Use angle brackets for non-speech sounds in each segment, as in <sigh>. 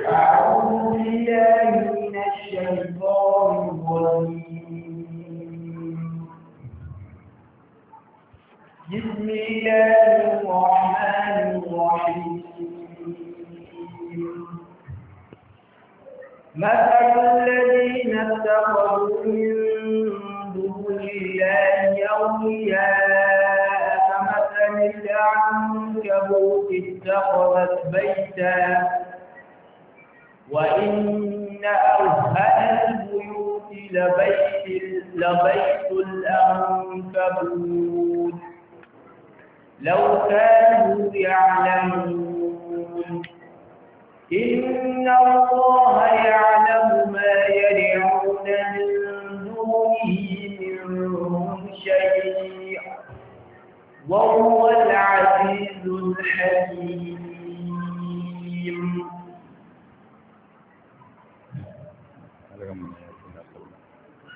أعوذ بالله من الشيطان الرجيم بسم الله الرحمن الرحيم مثل الذين اتخذوا من دون الله أولياء كمثل العنكبوت اتخذت بيتا وإن أوهن البيوت لبيت, لبيت الأنكبوت لو كانوا يعلمون إن الله يعلم ما يدعون من دونه من شيء وهو العزيز الحكيم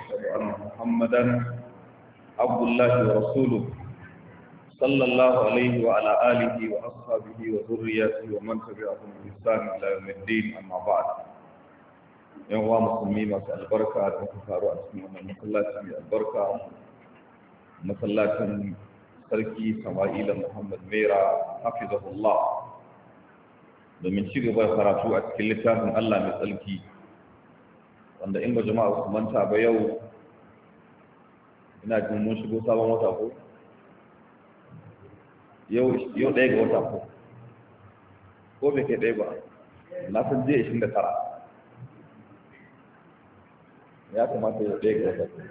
وأشهد أن محمدا عبد الله ورسوله صلى الله عليه وعلى آله وأصحابه وذريته ومن تبعهم بإحسان إلى يوم الدين أما بعد yan uwa musulmi masu albarka da muka faru a cikin wannan masallaci mai albarka masallacin sarki sama'ila muhammad mera hafizahullah domin ci gaba karatu a cikin littafin allah mai tsarki wanda in ba jama'a su manta ba yau ina jin mun shigo sabon wata ko yau ɗaya ga wata ko ko bai kai ɗaya ba na san jiya ishirin da tara ya kamata yau ɗaya ga wata ko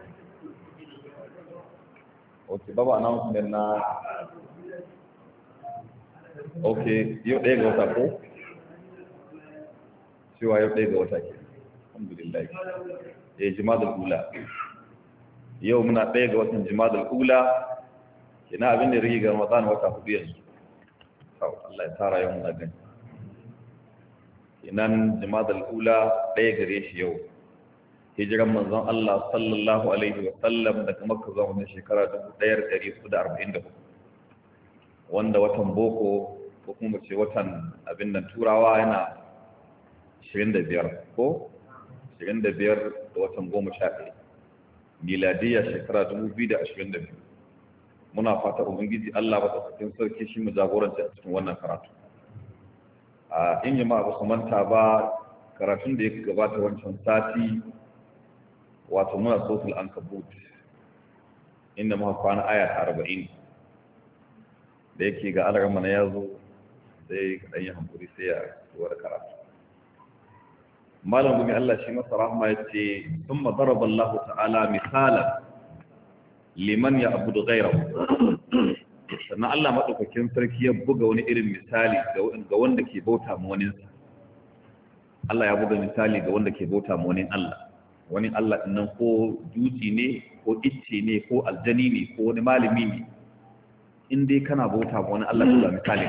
ok baba announcement na ok yau ɗaya ga wata ko cewa yau ɗaya ga wata ke alhamdulillah eh jimadul ula yau muna ɗaya ga watan jimadar ula ina abin da rigi ga ramadan wata hudu yanzu sau Allah ya tara yau muna gani inan jimadar ula ɗaya gare shi yau hijiran manzon Allah sallallahu alaihi wa sallam daga Makka zama wannan shekara 1444 wanda watan boko ko kuma ce watan abin nan turawa yana 25 ko 25 da watan miladiyya shekara biyu. muna fata ubangiji Allah ba tsakakin sarki shi mu jagoranta a cikin wannan karatu a in yi ba manta ba karatun da ya gabata wancan sati wato muna sotul an kabut inda muka kwana aya ta arba'in da yake ga alarma na yazo zai ka dan yi hankuri sai ya karatu malam gumi Allah shi masa rahama ya ce sun madaraba Allah ta'ala misala liman ya abu da sannan Allah maɗaukakin sarki ya buga wani irin misali ga wanda ke bauta ma Allah ya buga misali ga wanda ke bauta ma wani Allah wani Allah nan ko dutse ne ko icce ne ko aljani ne ko wani malami ne in dai kana bauta ma wani Allah ya buga misali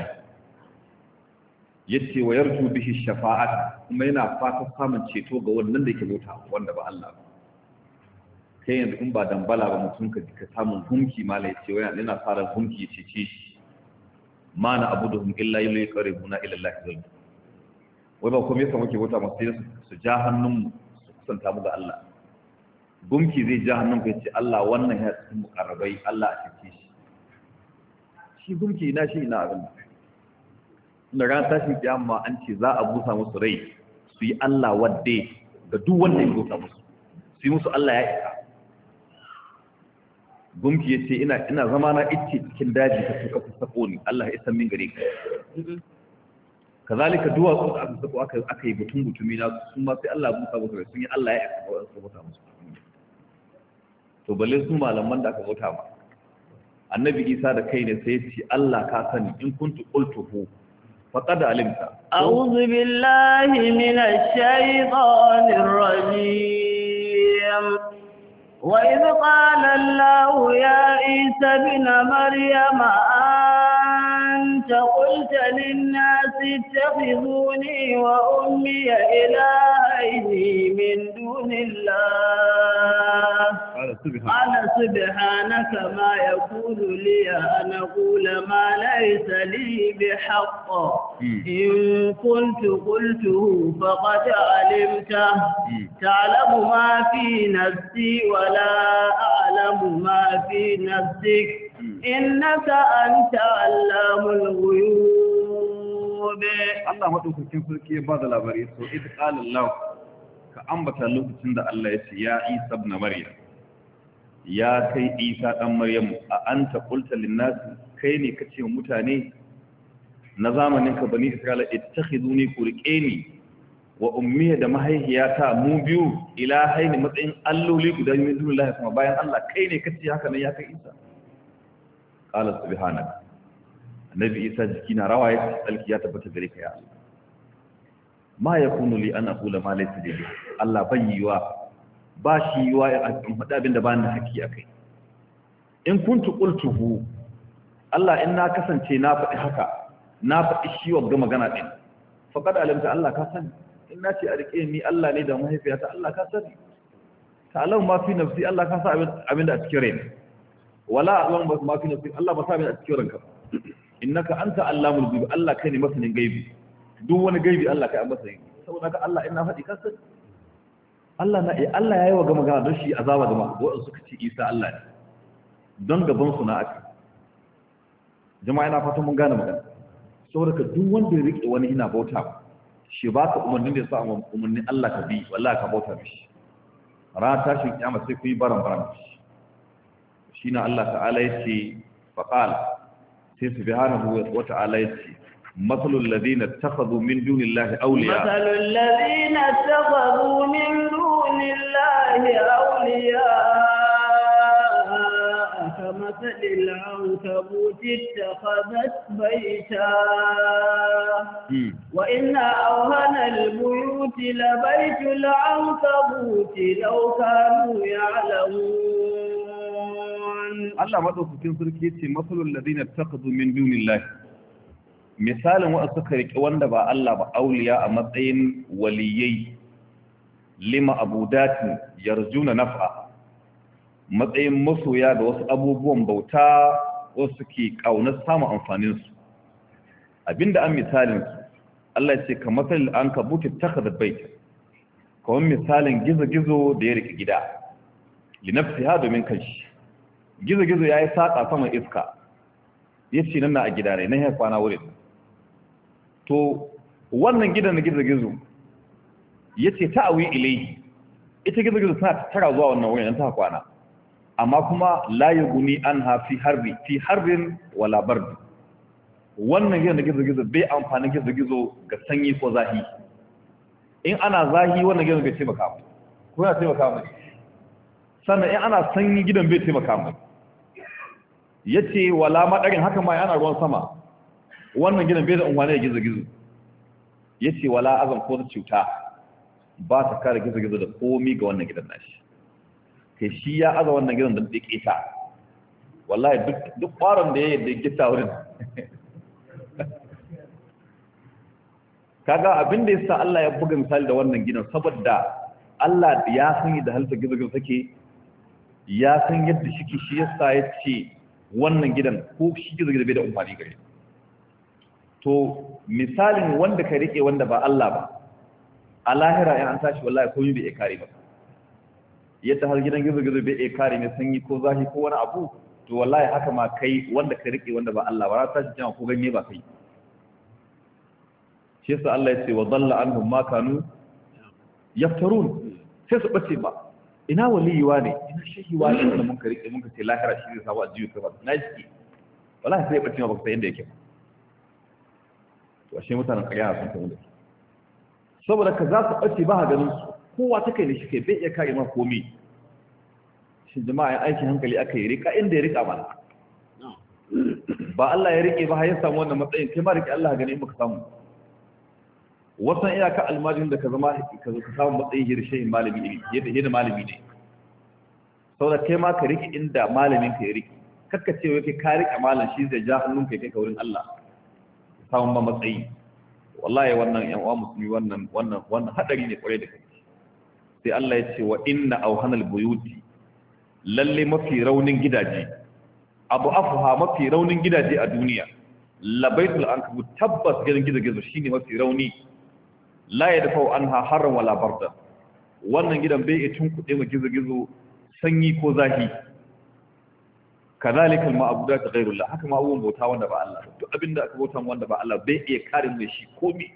yace wa yarju bihi shafa'at kuma yana fatan samun ceto ga wannan da yake mota wanda ba Allah ba kai yanzu in ba dambala ba mutum ka ka samun hunki mala yace wa yana fara hunki ya cece shi ma na abuduhum illa yuqarribuna ila Allah zulm wai ba kuma yasa muke mota masu sai su ja hannun su kusanta mu ga Allah gunki zai ja hannun ka yace Allah wannan ya cikin mukarrabai Allah a cece shi shi gunki ina shi ina abin na ranar tashin kiyama an ce za a busa musu rai su yi Allah wadde ga duk wanda ya busa musu su yi musu Allah ya isa gumki ya ce ina zama na ice cikin daji ta tuka ka sako Allah ya isa min gare ka Ka duwa su da aka sako aka aka yi butun butumi na sun ma sai Allah busa musu rai sun yi Allah ya isa ga wasu bauta musu to balle su malaman da aka bauta ba. annabi Isa da kai ne sai ya ce Allah ka sani in kuntu ultuhu فقد علمت أعوذ بالله من الشيطان الرجيم وإذ قال الله يا عيسى ابن مريم أنت قلت للناس اتخذوني وأمي إلهين من دون الله قال سبحانك ما يقول لي أن أقول ما ليس لي بحق إن قلت قلته فقد علمته تعلم ما في نفسي ولا أعلم ما في نفسك إنك أنت علام الغيوب الله ما تقول كيف بعد الأبريس وإذ قال الله ka ambata lokacin da Allah ya ce ya Isa ibn Maryam ya kai isa dan maryam a an lin nas kai ne kace mutane na zamanin ka bani isra'ila ittakhiduni qurqani ni wa ummiya da mahaihiyata mu biyu ilahai ne matsayin alloli guda min dunillahi kuma bayan Allah kai ne kace haka ne ya kai isa qala subhanak annabi isa jiki na rawa ya ya tabbata gare ka ya Allah ma yakunu li an aqula ma laysa li Allah ban yiwa ba shi yiwa ya faɗa abin da ba ni haƙi a kai in kuntu qultuhu Allah in na kasance na faɗi haka na faɗi shi wagga magana ɗin faqad alimta Allah ka sani in na ce a riƙe ni Allah ne da mahaifiyata Allah ka sani ta'lam ma fi nafsi Allah ka sa abin da a cikin rai wala a'lam ma fi nafsi Allah ba sa abin da a cikin ranka innaka anta allamul ghaibi Allah kai ne masanin gaibi duk wani gaibi Allah kai an masa yi saboda haka Allah in na faɗi ka sani Allah na eh Allah yayi wa gama gana don shi azaba da maka wadanda suka ce Isa Allah ne don gaban su na aka jama'a ina fatan mun gane magana saboda ka duk wanda ya rike wani ina bauta shi ba ka umarnin da ya sa umarnin Allah ka bi wallahi ka bauta mishi ranar tashin kiyama sai ku yi baran baran mishi na Allah ta'ala yace faqala sai subhanahu wa ta'ala yace مثل الذين اتخذوا من دون الله أولياء مثل الذين اتخذوا من دون الله أولياء كمثل العنكبوت اتخذت بيتا وإن أوهن البيوت لبيت العنكبوت لو كانوا يعلمون الله ما تقول في سرك يتي مثل الذين اتخذوا من دون الله misalin waɗanda suka riƙe wanda ba Allah ba auliya a matsayin waliyai lima abudatin yarjuna naf'a matsayin masoya da wasu abubuwan bauta wasu ke ƙaunar samun amfaninsu abinda an misalinsu Allah ce ka an ka buke takar baita kawai misalin gizo-gizo da ya rike gida linafsi ha domin kanshi gizo-gizo ya yi saƙa sama iska ya ce nan na a gida ne na ya kwana wurin to wannan gidan na gizo-gizo ya ce ta awi ilai ita gizo-gizo tana tara zuwa wannan wurin ta kwana amma kuma layi guni an hafi harbi fi harbin wala barbi wannan gidan na gizo-gizo bai amfani gizo-gizo ga sanyi ko zahi in ana zahi wannan gidan bai taimaka mu ko yana taimaka mu sannan in ana sanyi gidan bai taimaka mai ya ce wala madarin haka ma yana ruwan sama wannan gidan bai da unwane ya gizo-gizo ya ce wala azan ko ta cuta ba ta kare gizo-gizo da komi ga wannan gidan nashi kai shi ya aza wannan gidan da ɗiƙe ta wallahi duk ƙwaron da ya yi da ya wurin kaga abin da ya sa Allah ya buga misali da wannan gidan saboda Allah ya san yadda halitta gizo-gizo take ya san yadda shi shi ya sa ya ce wannan gidan ko shi gizo-gizo bai da umfani gare shi to misalin wanda ka rike wanda ba Allah ba a lahira in an tashi wallahi komai bai kare ba yadda har gidan gizo gizo bai kare ne sanyi ko zafi ko wani abu to wallahi haka ma kai wanda ka rike wanda ba Allah ba ra tashi jama ko ganye ba kai shi yasa Allah ya ce wa dalla anhum ma kanu yaftarun sai su bace ba ina waliyuwa ne ina shehiwa ne wanda mun ka rike mun ka ce lahira shi zai wa ajiyu ka ba na jiki wallahi sai bace ba ba sai inda yake ba to ashe mutanen ƙarya sun tafi da saboda ka za su ɓace ba ganin su kowa ta kai ne shi kai bai iya kare ma komi shi jama'a ya aiki hankali aka yi rika inda ya rika ba ba Allah ya rike ba ya samu wannan matsayin kai ma rike Allah gani in baka samu wasan iyaka almajirin da ka zama ka zo ka samu matsayin hirshe malami ne yadda malami ne saboda kai ma ka rike inda malamin ka ya rike kakka ce wai ka rike malam shi zai ja hannun kai kai ka wurin Allah samun ba matsayi wallahi wannan yan uwa musulmi wannan wannan wannan hadari ne kware da kai sai Allah ya ce wa inna awhanal buyuti lalle mafi raunin gidaje abu afha mafi raunin gidaje a duniya labaitul ankabut tabbas gidan gizo-gizo shine mafi rauni la ya dafa anha haram wala barda wannan gidan bai iya tunkuɗe ma gizo-gizo sanyi ko zahi kazalika al-ma'budat ghayrullah haka ma abubuwan bauta wanda ba Allah duk abinda aka bauta wanda ba Allah bai iya kare mu shi komai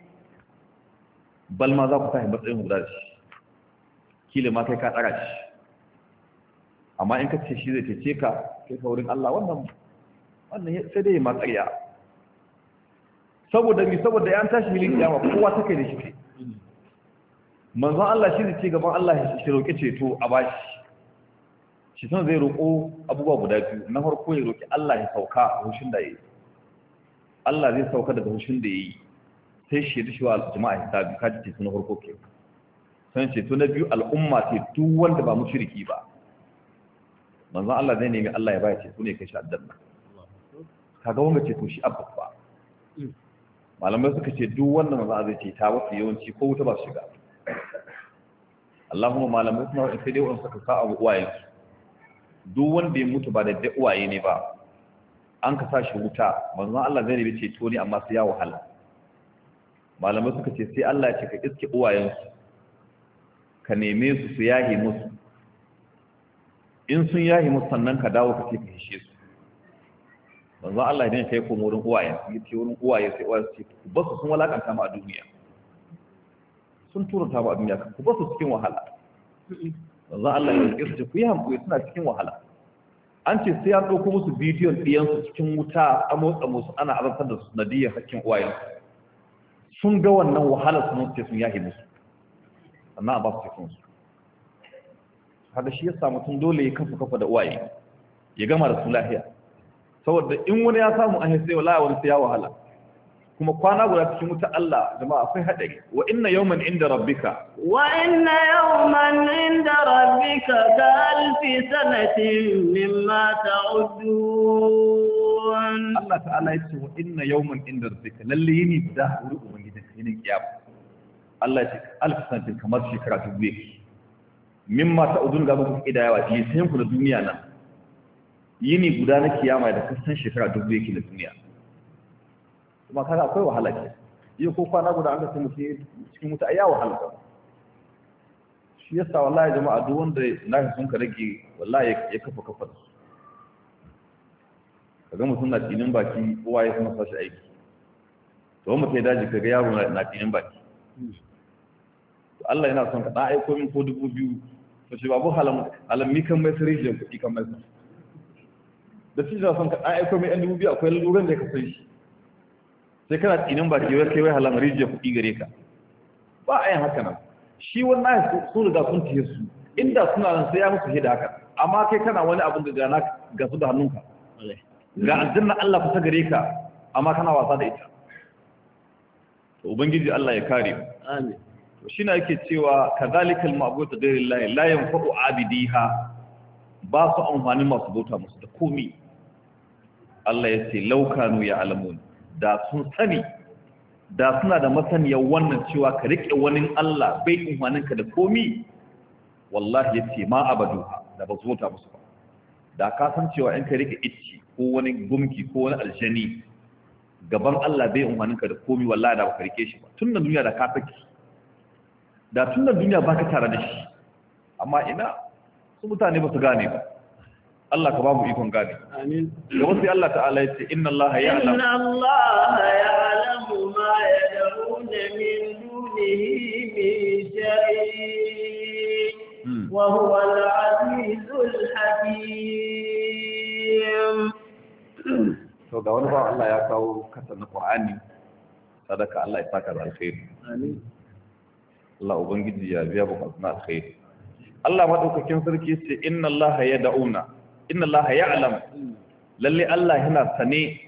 bal ma za ku tafi matsayin guda da shi kila ma kai ka tsara shi amma in ka ce shi zai cece ka kai ka wurin Allah wannan wannan sai dai ma tsariya saboda ni saboda ya tashi hilin kiyama kowa take da shi manzon Allah shi zai ce gaban Allah shi roƙe ceto a bashi shi son zai roƙo abubuwa guda biyu na farko ya roƙi Allah ya sauka a hushin da ya yi Allah zai sauka daga hushin da ya yi sai shi da shiwa jama'a ya sabi kaji ce na farko ke san ce na biyu al'umma ce duk wanda ba mushriki ba manzon Allah zai nemi Allah ya baya suna ne kai shi aljanna kaga wanda ceto shi abba ba malamai suka ce duk wanda manzon Allah zai ce ta wasu yawanci ko wuta ba shiga Allahumma malamai suna wa'in sai dai wa'in suka sa'a wa'ayensu duk wanda ya mutu ba da uwaye ne ba an ka sa shi wuta manzon Allah zai rubuce to ne amma sai ya wahala malamai suka ce sai Allah ya ce ka iske uwayensu ka neme su su yahi musu in sun yahi musu sannan ka dawo ka ce ka hishe su manzon Allah ya kai ko wurin uwaye ya ce wurin uwaye sai uwaye su ce ku basu sun walakanta mu a duniya sun ta mu a duniya ku basu cikin wahala manzon Allah ya rike su ku yi hankali suna cikin wahala an ce sai an ɗauko musu bidiyon ɗiyansu cikin wuta a motsa musu ana azabtar da su nadiyar hakkin uwayen sun ga wannan wahala sun ce sun yahi musu sannan a ba su cikin su haka shi samu mutum dole ya kafa kafa da uwaye ya gama da su lahiya saboda in wani ya samu an yi sai wala wani sai ya wahala kuma kwana guda cikin wuta Allah jama'a akwai haɗari. wa inna yawman inda rabbika wa inna yawman inda rabbika ka alfi sanatin mimma ta'udun Allah ta'ala yace wa inna yawman inda rabbika lalle yini da wuri ubangijin ne kiyama Allah ya ce alfi sanatin kamar shekara dubu yake mimma ta'udun ga muku yawa ji sai ku da duniya nan yini guda na kiyama da kasan shekara dubu yake da duniya kuma kaga akwai wahala ke yau ko kwana guda an kasance mutu cikin wuta ya wahala ka shi yasa wallahi jama'a duk wanda na sun ka rage wallahi ya kafa kafar ka ga mutum na tinin baki kowa ya kuma sashi aiki to mu kai daji kaga yaro na tinin baki to Allah yana son ka da aiko min ko dubu biyu to shi babu halam halam mi kan mai sirri da kuɗi kan mai da shi da son ka da aiko min ɗan dubu biyu akwai lura da ka san shi sai kana tsinin baki ke kai kewaye halar rijiya kuɗi gare ka ba a yin haka nan shi wannan sun riga sun ta su inda suna nan sai ya musu da haka amma kai kana wani abin ga gana ga su da hannunka ga aljanna Allah kusa gare ka amma kana wasa da ita to ubangiji Allah ya kare mu amin to shine yake cewa kadhalikal ma'budu ghayrillahi la yanfa'u abidiha ba su amfani masu bauta musu da komi Allah ya ce laukanu ya alamuni da sun sani da suna da masaniyar wannan cewa ka riƙe wani Allah bai umarninka da komi wallahi ya ce ma abadu da ba su musu ba da ka san cewa in ka riƙe icci ko wani gumki ko wani aljani gaban Allah bai umarninka da komi wallahi da ba ka riƙe shi ba tun da duniya da ka saki da tun da duniya ba ka tare da shi amma ina su mutane ba su gane ba Allah ka babu ikon gane amin da wasu Allah ta'ala ya ce inna Allah ya alamu inna Allah ya alamu ma ya da'una min dunihi min shay'in hmm. wa huwa al-azizul hakim to ga wani ba Allah ya kawo kasa na Qur'ani sadaka Allah ya saka da alkhairi amin Allah ubangiji ya biya bukatun alkhairi Allah madaukakin sarki ce inna Allah ya da'una inna allaha ya'lam lalle Allah yana sane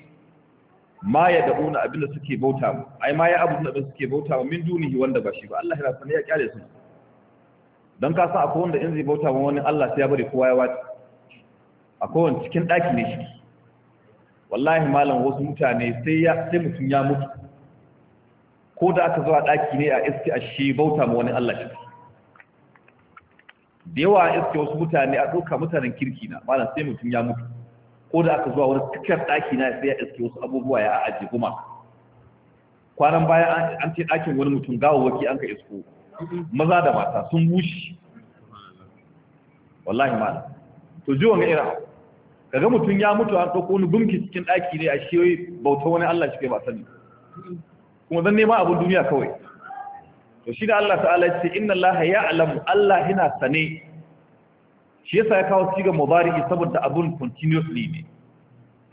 ma ya una abinda suke bauta mu ai ma ya abu da suke bauta mu min dunihi wanda ba shi ba Allah yana sane ya kyale su dan ka san akwai wanda in zai bauta mu wani Allah sai ya bari kowa ya wata akwai wani cikin daki ne shi wallahi malam wasu mutane sai ya sai mutum ya mutu ko da aka zuwa daki ne a iski a shi bauta mu wani Allah shi da yawa iske wasu mutane a ɗauka mutanen kirki na malam sai mutum ya mutu ko da aka zuwa wani tsakiyar ɗaki na sai ya iske wasu abubuwa ya ajiye kuma kwanan baya an ce ɗakin wani mutum gawawaki an ka isko maza da mata sun bushe wallahi malam to ji wani ira kaga mutum ya mutu an ɗauko wani gumki cikin ɗaki ne a shi bauta wani Allah shi kai ba sani kuma zan nema abin duniya kawai to shi da Allah ta'ala ya ce inna Allah ya'lamu Allah yana sane shi yasa ya kawo ga mubari'i saboda abun continuously ne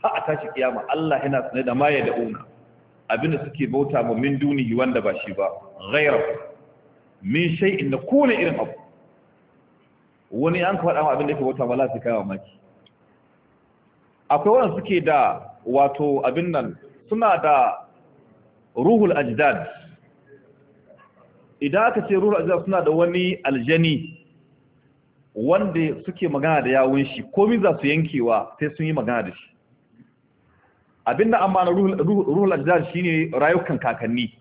ha a tashi kiyama Allah yana sane da da ya Abin abinda suke bauta mu min dunihi wanda ba shi ba ghayra min shay'in da kone irin abu wani an faɗa abin da yake bauta wala sai kawo maki akwai wanda suke da wato abin nan suna da ruhul ajdad idan aka ce ruhul aziza suna da wani aljani wanda suke magana da yawun shi komi za su yankewa sai sun yi magana da shi abinda an ma'ana ruhul aziza shine rayukan kakanni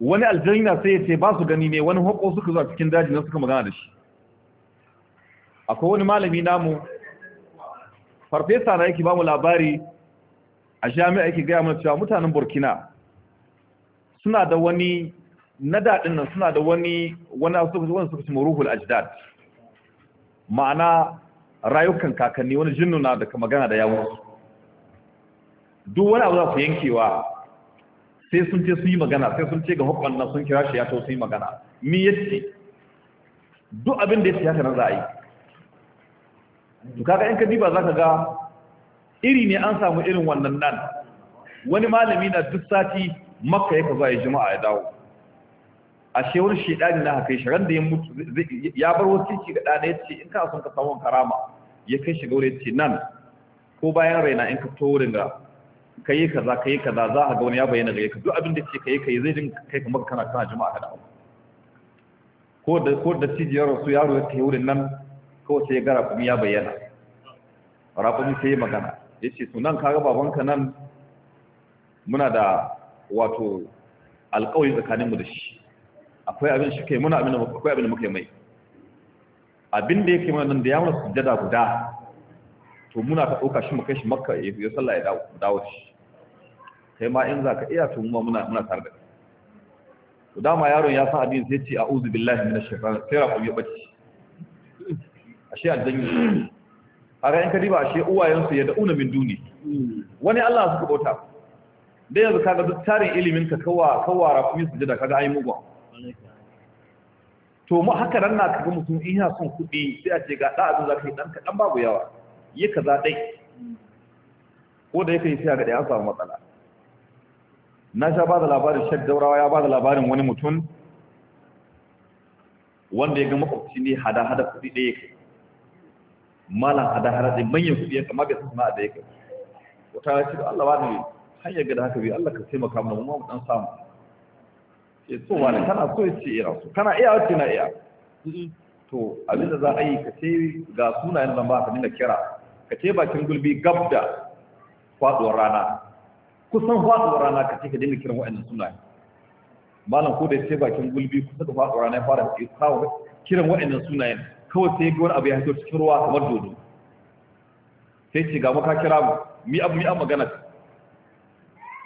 wani aljani na sai ya ce ba su gani ne wani hako suka zuwa cikin daji na suka magana da shi akwai wani malami namu farfesa na yake ba mu labari a jami'a yake gaya mana cewa mutanen burkina suna da wani na daɗin nan suna da wani wani wani suka ce ruhul ajdad ma'ana rayukan kakanni wani jinnuna da ka magana da yawon duk wani abu za su yankewa sai sun ce sun yi magana sai sun ce ga hukman nan sun kira shi ya to yi magana mi ce duk abin da yace haka na za a yi to kaga in ba za ka ga iri ne an samu irin wannan nan wani malami na duk sati makka yake zuwa ya juma'a ya dawo a shewar shedani na haka shi ran da ya mutu ya bar wasiki ga ya yace in ka son ka samu karama ya kai shi gaure yace nan ko bayan raina in ka to ga kai kaza kai kaza za a ga wani ya bayyana gare ka duk abin da ce kai kai zai din kai kamar kana kana juma'a ka dawo ko da ko da cijiyar su yaro ya kai wurin nan ko sai ya gara kuma ya bayyana rafa sai ya magana yace to nan kaga babanka nan muna da wato alƙawari tsakaninmu da shi akwai abin shi kai muna akwai abin da muka yi mai abin da yake mana nan da ya mana sujjada guda to muna ka dauka shi mu kai shi makka ya sallah ya dawo shi kai ma in zaka ka iya to mu muna muna tare da kai to dama yaron ya san abin sai ce a'udhu billahi minash shaitani sai ra kuma bace ashe aljanni kaga in ka diba ashe uwayensu ya da'una min duni hmm. wani Allah suka bauta da yanzu kaga duk tarin ilimin ka kawa kawara kuma sujada kaga ai mugwa to mu haka nan na kaga mutum in ya son kuɗi sai a ce ga da abin zaka yi dan ka dan babu yawa yi kaza dai ko da yake sai ga da an samu matsala na sha ba da labarin shek daurawa ya ba da labarin wani mutum wanda ya ga makwabci ne hada-hada kuɗi ɗaya kai malam hada-hada ɗaya manyan kuɗi ya kama bai san ma da ya kai wata ya ce Allah ba da hanyar gada haka biyu Allah ka taimaka mana mu mu dan samu ce eh, to wani kana so ce ira so kana iya wace na iya to abin da za a yi ka ce ga sunayen nan ba ka dinga kira ka ce bakin gulbi gab da faduwar rana kusan faduwar rana ka ce ka dinga kiran wa'annan sunayen malam ko da ce bakin gulbi kusa da faduwar rana ya fara kawo kiran wa'annan sunayen kawai sai ga wani abu ya hito cikin ruwa kamar dodo sai ce ga maka kira mu mi abu mi abu magana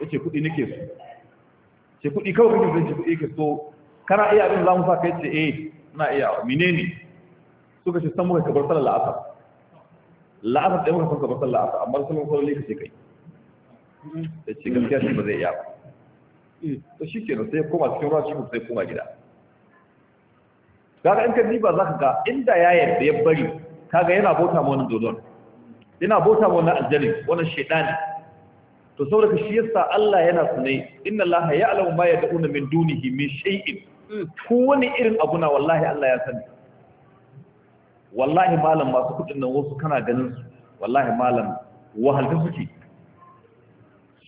yace kuɗi nake so ce kuɗi kawai kake ce kuɗi ke so kana iya abin za mu sa kai ce eh ina iya wa menene suka ce san muka kabar sallar la'asar la'asar ɗaya muka san kabar sallar la'asar amma sallar sallar ne kace kai da ce gaskiya shi ba zai iya ba to shi ke sai koma cikin ruwa cikin sai koma gida kaga in ka diba za ka ga inda ya yarda ya bari kaga yana bauta ma wani dodon yana bauta ma wani aljanin wani shaidani to saboda shi yasa Allah yana sune inna Allah ya'lamu ma yad'una min dunihi min shay'in mm. wani irin abu na wallahi Allah ya sani wallahi malam masu kudin nan wasu kana ganin su wallahi malam wahalta suke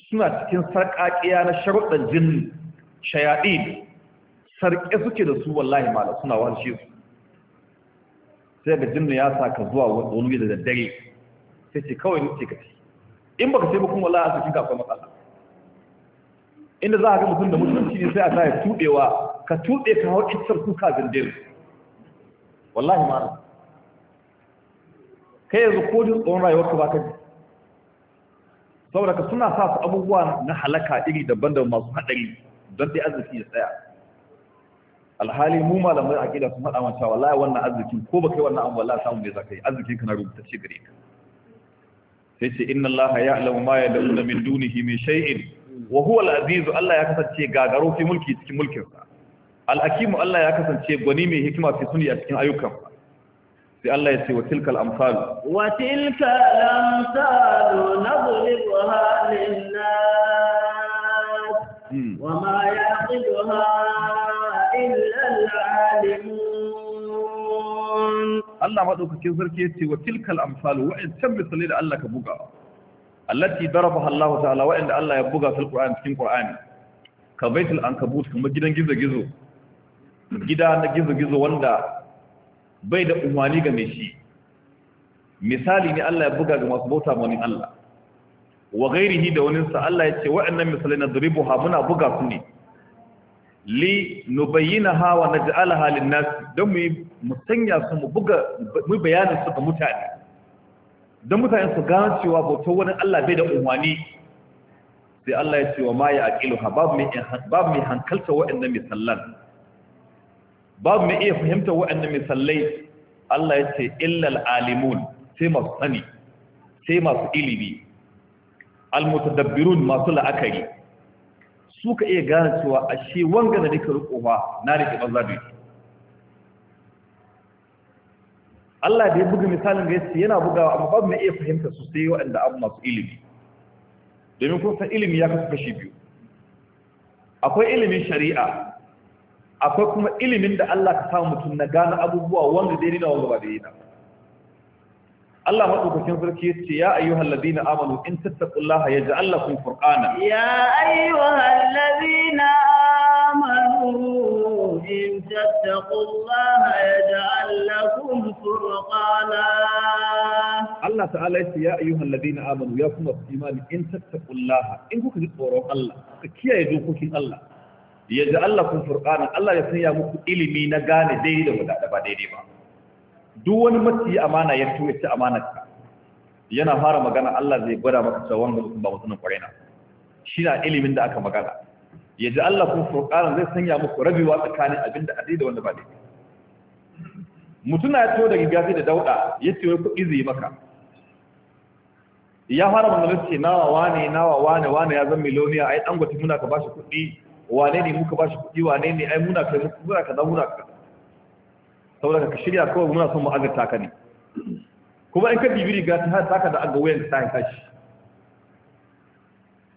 suna cikin sarƙaƙiya na sharuɗan jin shayaɗi sarƙe suke da su wallahi malam suna wahalshe su sai ga jinnu ya saka zuwa wani da daddare sai ce kawai nuke ka ci in baka sai ba kuma wallahi a cikin ka akwai matsala inda za a ga mutum da mutunci ne sai a sa ya tuɓewa, ka tuɓe ka hau iccen kuka zindir wallahi ma kai yanzu ko jin tsoron rayuwar ka baka ji saboda ka suna sa su abubuwa na halaka iri daban-daban masu haɗari don dai arziki ya tsaya alhali mu malamai a gida sun haɗa manta wallahi wannan arzikin ko ba kai wannan abu wallahi samun mai zaka yi arzikin ka na rubuta ce gare ka yace inna allaha alamu ma yad'una min dunihi mai shay'in wa huwa al-aziz Allah ya kasance gagaro fi mulki cikin mulkin Al'akimu Allah ya kasance gwani mai hikima fi sunni a cikin ayyukan sai Allah ya ce wa tilkal amsal wa tilkal amsal nadribuha lin-nas hmm. wa ma yaqiduha illa al-alimun Allah madaukakin sarki ce wa tilkal amsalu wa in da Allah ka buga allati darabaha Allah ta'ala wa Allah ya buga fil Qur'an cikin Qur'ani ka baitul ankabut kuma gidan gizo-gizo gida na gizo-gizo wanda bai da umarni ga mai shi misali ne Allah ya buga ga masu bauta ma wani Allah wa ghairihi da wani sa Allah ya ce wa'annan misalai na duribuha muna buga su ne li ha wa naj'alaha lin-nas don mu musanya su mu buga mu bayanin su ga mutane don mutane su ga cewa bautar wani Allah bai da umwani sai Allah ya ce wa ma ya aqiluha babu mai babu mai hankalta wa'annan sallan babu mai iya fahimta mai sallai Allah ya ce illal alimun sai masu sani sai masu ilimi al-mutadabbirun masu la'akari su ka iya gane cewa a shi wanga da nika riko ba na rike banza da yake Allah da ya buga misalin ga yace yana bugawa amma babu mai iya fahimta sosai sai waɗanda abu masu ilimi domin kun san ilimi ya kasu kashi biyu akwai ilimin shari'a akwai kuma ilimin da Allah ka samu mutum na gane abubuwa wanda dai na wanda ba dai na Allah madaukakin sarki yace ya ayyuhal ladina amanu in tattaqullaha yaj'al lakum furqana ya ayyuhal ladina amanu in tattaqullaha yaj'al lakum furqana Allah ta'ala ya ce ya ayyuhal ladina amanu ya kuma imani in tattaqullaha in kuka ji tsoron Allah ka kiyaye dokokin Allah yaj'al lakum furqana Allah ya sanya muku ilimi na gane daidai da ba daidai ba duk wani matsayi amana ya tuwa ta ci amana yana fara magana Allah zai gwada maka cewa wanda mutum ba mutumin ƙwarai na shi na ilimin da aka magana ya ji Allah kun furƙaran zai sanya muku rabewa tsakanin abin da adai da wanda ba daidai mutum ya to daga gafi da dauda ya ce wai kuɗi zai maka ya fara magana ce nawa wane nawa wane wane ya zan miliyoniya ai dangote muna ka bashi kuɗi wane ne muka bashi kuɗi wane ne ai muna kai muka kaza muna ka saboda ka shirya kawai muna son mu azurta ka ne kuma in ka bibiri riga ta har taka da aga wuyan ta haifa shi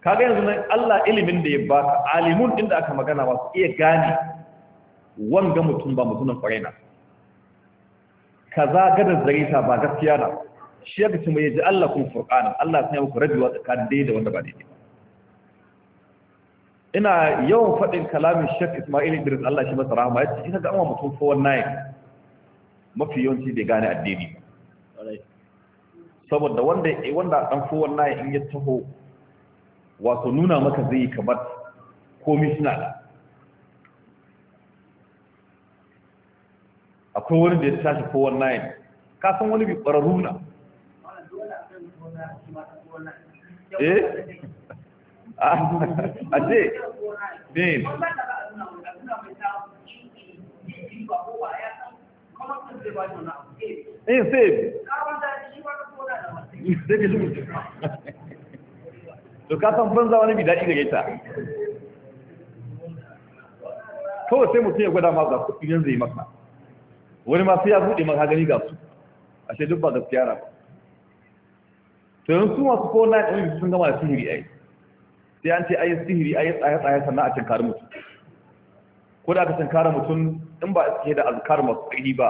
kaga yanzu nan Allah ilimin da ya baka alimun inda da aka magana ba su iya gane wanga mutum ba mutumin kwarai na kaza gadar zarita ba gaskiya na shi ya kace mai ji Allah kun furkana, Allah ya sanya muku rabiwa tsakanin daidai da wanda ba daidai ba ina yawan faɗin kalamin Shekh Ismail Idris Allah shi masa rahama ce ina ga amma mutum 419 mafi yawanci bai gane addini saboda wanda wanda dan fowar na in ya taho wato nuna maka zai yi kamar komai suna da akwai wani da ya tashi fowar na ka san wani bi kwararru na eh a ce ne In eh sai to ka san banza wani bi daɗi gare ta kawai sai mutum ya gwada ma ga kuɗi yanzu yi maka wani ma sai ya buɗe maka gani ga su ashe duk ba gaskiya na ba to yanzu su masu ko na ɗan sun gama da sihiri ai sai an ce ayi sihiri ayi tsaye tsaye sannan a cin kari mutum ko da aka tunkara mutum in ba iske da azkar masu ƙarfi ba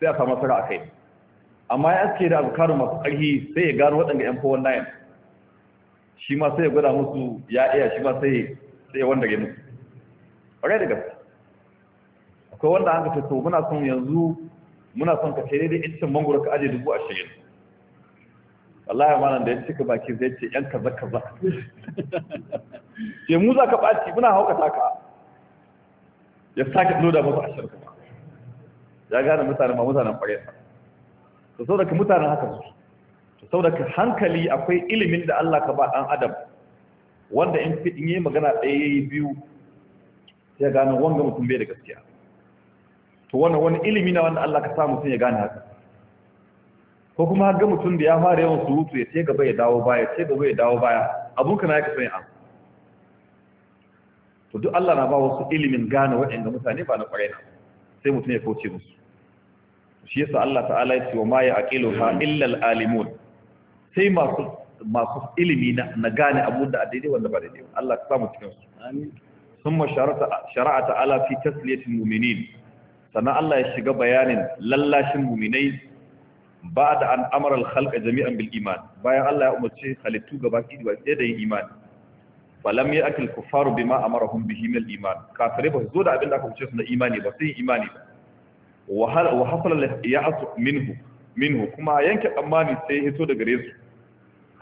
sai a samu nasara a kai amma ya iske da azkar masu ƙarfi sai ya gano waɗanda yan fowar nayan shi ma sai ya gwada musu ya iya shi ma sai sai ya wanda ya musu ƙwarai da gaske akwai wanda an ka to muna son yanzu muna son ka kai daidai ita mangoro ka aje dubu ashirin Allah ya malam da ya cika baki zai ce yan kaza kaza <laughs> ce mu za ka ɓaci muna hauka ka ya sake loda musu ashirin kuma ya gane mutane ma mutanen sa to sau daga mutanen haka su to sau daga hankali akwai ilimin da Allah ka ba ɗan adam wanda in fi yi magana ɗaya ya yi biyu ya gane wanga mutum bai da gaskiya to wannan wani ilimi na wanda Allah ka sa mutum ya gane haka ko kuma ga mutum da ya fara yawan surutu ya ce gaba ya dawo baya ce gaba ya dawo baya abun kana ya kasance an to duk Allah na ba wasu ilimin gane waɗanda mutane ba na ƙwarai na sai mutum ya kauce musu shi yasa Allah ta'ala ya ce wa ma ya aqilu ha illa alimun sai masu masu ilimi na gane abun da daidai wanda ba daidai Allah ka samu cikin su amin thumma shar'a ta'ala fi tasliyatil mu'minin sannan Allah ya shiga bayanin lallashin mu'minai ba'da an amara al-khalqa jami'an bil iman bayan Allah ya umarci halittu gabaki da yin imani falam ya akil kuffaru bima amarahum bihi min iman kafirai ba zo da abin da aka fice su na imani ba sun yi imani ba wa hal ya asu minhu minhu kuma yanke tsammani sai hito daga gare su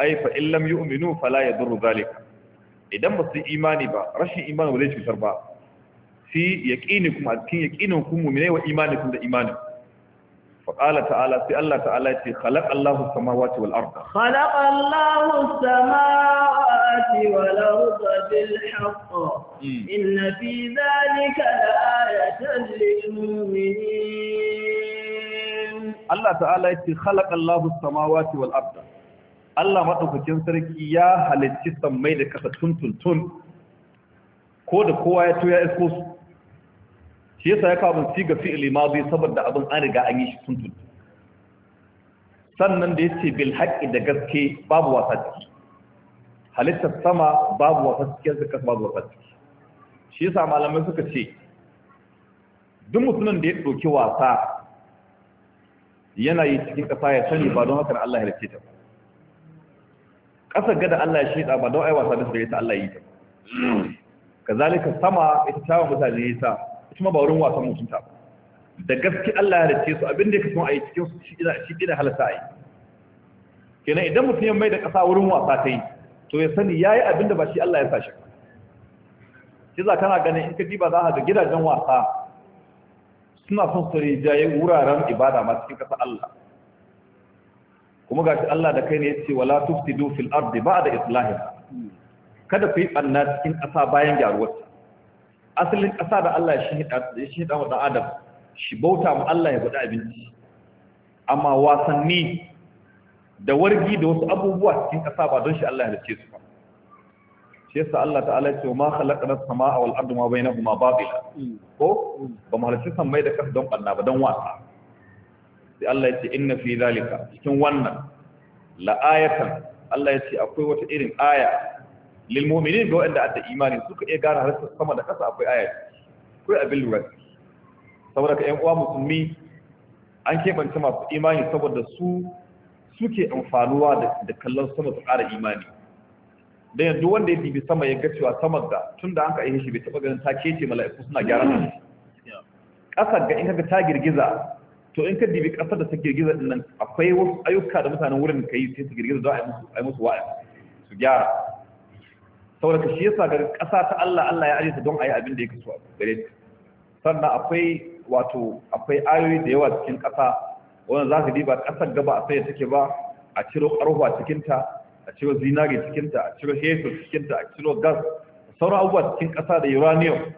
ai fa in lam yu'minu fala yadurru zalika idan ba su imani ba rashin imani ba zai cutar ba fi yaqini kuma a cikin yaqinin ku mu'minai wa imani kun da imani فقال تعالى في الله تعالى خلق الله السماوات والأرض خلق الله السماوات السماوات والأرض بالحق إن في ذلك لآية للمؤمنين الله تعالى خلق الله السماوات والأرض Allah maɗaukakin sarki ya halicci sammai da ƙasa tuntuntun ko da kowa ya to ya shi yasa ya kawo abin siga fi'ili ma zai saboda abin an riga an yi shi tuntuntun sannan da ya ce bil haƙƙi da gaske babu wasa ciki halittar sama babu wata cikin suka babu wata ciki shi yasa malamai suka ce duk mutumin da ya ɗauki wasa yana yi cikin ƙasa ya sani ba don haka Allah ya halice ta ƙasa gada Allah ya shida ba don ai wasa da su ta Allah ya yi ta kazalika sama ita ta wa mutane ya sa ita ma ba wurin wasan mutunta ta da gaske Allah ya halice su abin da ya son a yi cikin su shi ina halatta a yi kenan idan mutum ya mai da ƙasa wurin wasa ta yi to ya sani yayi abin da ba shi Allah ya sa shi ba kiza kana ganin in ka ba za ka ga gidajen wasa suna son su rijaye wuraren ibada ma cikin kasa Allah kuma shi Allah da kai ne ce wala tufsidu fil ardi ba'da islahin. kada ku yi ɓanna cikin ƙasa bayan gyaruwarta asalin ƙasa da Allah ya shida wa adam shi bauta ma Allah ya guda abinci amma wasanni da wargi da wasu abubuwa cikin ƙasa ba don shi Allah ya halicce su ba shi yasa Allah ta'ala ya ce ma khalaqna as-samaa wal arda ma bainahuma babila ko ba mu halicci sammai da ƙasa don banna ba don wasa sai Allah ya ce inna fi zalika cikin wannan la ayatan Allah ya ce akwai wata irin aya lil mu'minin ga wanda adda imani suka iya gane harshen sama da ƙasa akwai aya akwai abin lura saboda ka ƴan uwa musulmi an keɓance masu imani saboda su suke amfanuwa da kallon sama su ƙara imani da yanzu wanda ya dibi sama ya ga cewa sama ga tun da an ka ihe shi bai taɓa ganin ta kece mala'iku suna gyara ta ƙasa ga in ka ta girgiza to in ka dibi ƙasar da ta girgiza din nan akwai wasu ayyuka da mutanen wurin ka yi sai su girgiza don a yi musu wa'a su gyara saboda ka shi yasa ga ƙasa ta Allah Allah ya ajiyata don a yi abin da ya kasu gare ta sannan akwai wato akwai ayoyi da yawa cikin ƙasa wannan za ka diba ƙasar gaba a sanya take ba a ciro ƙarfa cikinta a ciro zinari cikinta a ciro heso cikinta a ciro gas sauran abubuwa cikin ƙasa da uranium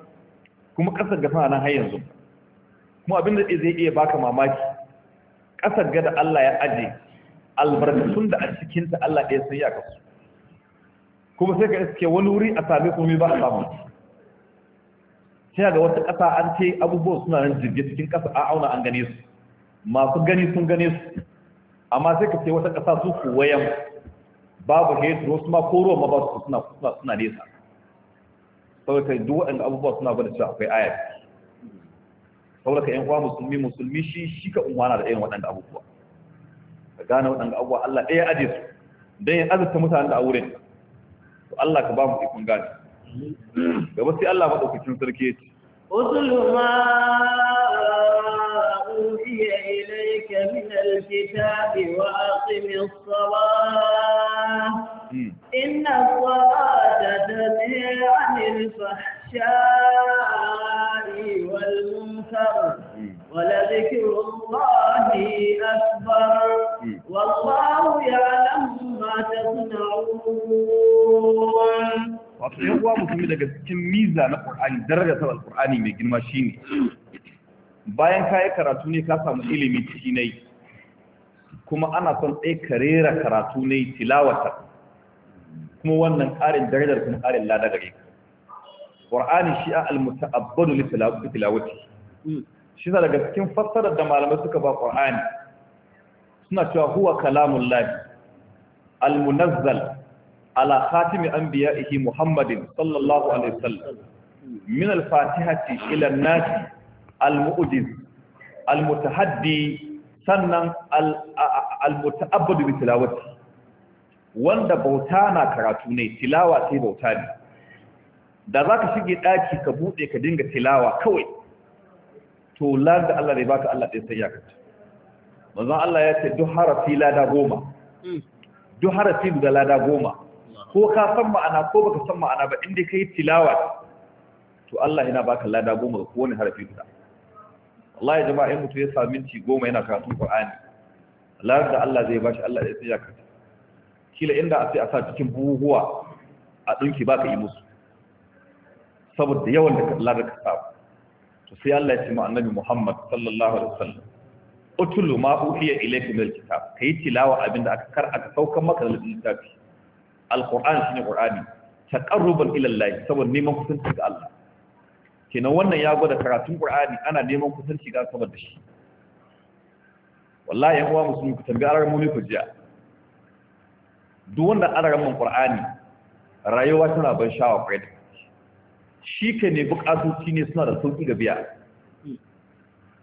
kuma ƙasar ga tana nan har yanzu kuma abin da zai iya baka mamaki ƙasar ga da Allah ya aje albarkatun da a cikinta Allah ɗaya sai ya kasu kuma sai ka iske wani wuri a same kuma ba a samu sai ga wata ƙasa an ce abubuwan suna nan jirgin cikin ƙasa a auna an gane su masu gani sun gane su amma sai ka ce wata ƙasa su kuwayan babu hetu wasu ma ko ruwan ma ba su suna suna suna nesa saboda kai duk waɗanda abubuwa suna gwada cewa akwai ayat saboda ka ƴan uwa musulmi musulmi shi shi ka unwana da ɗayan waɗanda abubuwa ka gane waɗanda abubuwa Allah ɗaya aje su Don yin azurta mutanen da a wurin to Allah ka ba mu ikon gane gaba sai Allah maɗaukakin sarki ya ce Usulu ma أوحي إليك من الكتاب وأقم الصلاة إن الصلاة تنهي عن الفحشاء والمنكر ولذكر الله أكبر والله يعلم ما تصنعون wato yan uwa musulmi daga cikin miza na Qur'ani daraja ta qurani mai girma shine bayan ka yi karatu ne ka samu ilimi ciki na kuma ana son ɗaya ka rera karatu ne tilawata kuma wannan ƙarin darajar kuma ƙarin lada gare ka ƙwar'ani shi a almuta abbanu litilawati shi na daga cikin fassarar da malamai suka ba ƙwar'ani suna cewa huwa kalamun lafi almunazzal ala khatimi anbiya'ihi muhammadin sallallahu alaihi wasallam min al-fatihati ila an-nasi al-mu'jiz al-mutahaddi sannan al-muta'abbadu bi tilawati wanda bauta na karatu ne tilawa sai bauta ne da za ka shige ɗaki ka bude ka dinga tilawa kawai to lada Allah ne baka Allah ɗaya sai ya kanta manzon Allah ya ce duk harafi lada goma hmm. duk harafi da lada goma ko ka san ma'ana ko baka san ma'ana ba inda kai tilawa to Allah yana baka lada goma ko wani harafi guda Allah ya jama'a in mutu ya sami minti goma yana karatun Qur'ani Allah da Allah zai bashi Allah ya tsaya ka kila inda a sai a sa cikin buhuwa a dinki baka yi musu saboda yawan da Allah da ka samu to sai Allah ya ce ma annabi Muhammad sallallahu alaihi wasallam utulu ma uhiya ilayka min alkitab kai tilawa abinda aka kar aka saukar maka da littafi alquran shine qur'ani taqarruban ila Allah saboda neman kusanci ga Allah kenan wannan ya gwada karatun qur'ani ana neman kusanci ga sabar da shi wallahi yan uwa musulmi ku tambayi ne ku jiya duk wanda alamomin qur'ani rayuwa tana ban sha'awa kwarai da shi ka ne bukatoci ne suna da sauki ga biya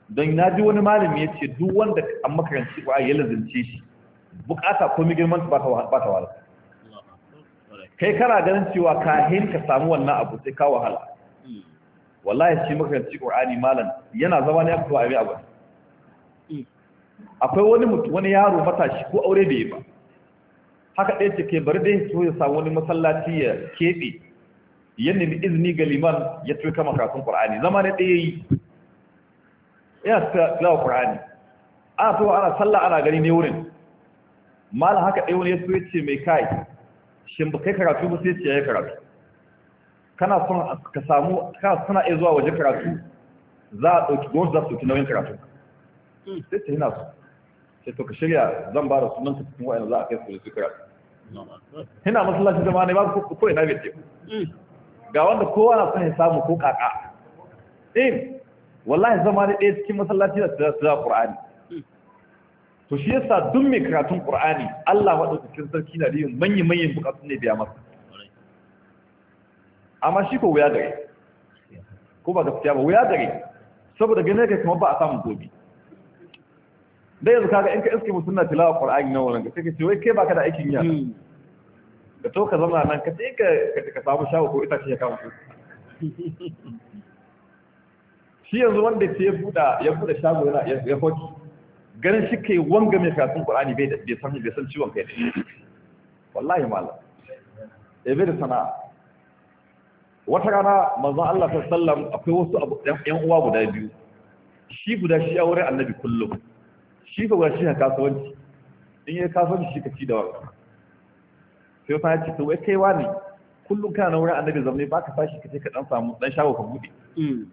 don na ji wani malami ya ce duk wanda an makaranci ba ya lazance shi bukata ko mi girman ba ta wahala kai kana ganin cewa kahin ka samu wannan abu sai ka wahala hmm. wallahi shi makaranci qur'ani malam yana zama ne aka zo a abu akwai wani wani yaro matashi ko aure bai ba haka ɗaya ce ke bari dai so ya samu wani masallaci ya keɓe ya nemi izini ga liman ya tuka kama karatun qur'ani zama ne ɗaya yi yana tilawa qur'ani ana so ana sallah ana gani ne wurin malam haka ɗaya wani ya so ya ce mai kai shin ba kai karatu ba sai ce ya yi karatu kana son ka samu ka suna iya zuwa waje karatu za a ɗauki gwamnati za su ɗauki nauyin karatu hmm. sai ta yana su sai to ka shirya zan ba da sunan ka cikin wa'ina za a kai su su karatu hina masallaci zama ne ba ku ko ina bai teku hmm. ga wanda kowa na son ya samu ko kaka in wallahi zama ne ɗaya cikin masallaci da su da ƙur'ani hmm. to shi yasa duk mai karatun ƙur'ani Allah ɗaukakin sarki na da yin manyan manyan buƙatun ne biya masa amma shi ko wuya gare ko ba gaskiya ba wuya gare saboda gane kai kuma ba a samun gobe dai yanzu kaga in ka iske mutum na tilawa qur'ani nan wannan kake ce wai kai baka da aikin yi da to ka zama nan ka je ka ka samu shawo ko ita ce ka kawo shi yanzu wanda ce ya buda ya buda shago yana ya hoki ganin shi kai wanga mai karatun qur'ani bai da bai san bai san ciwon kai ne wallahi malam eh bai da sana'a wata rana manzon Allah ta sallam akwai wasu ƴan uwa guda biyu shi guda shi a wurin annabi kullum shi ka guda shi a kasuwanci in yi kasuwanci shi ka ci da wanka sai fa ce to wai kai wani kullum kana na wurin annabi ba ka fashi ka ce ka dan samu dan shago ka buɗe?" Mm.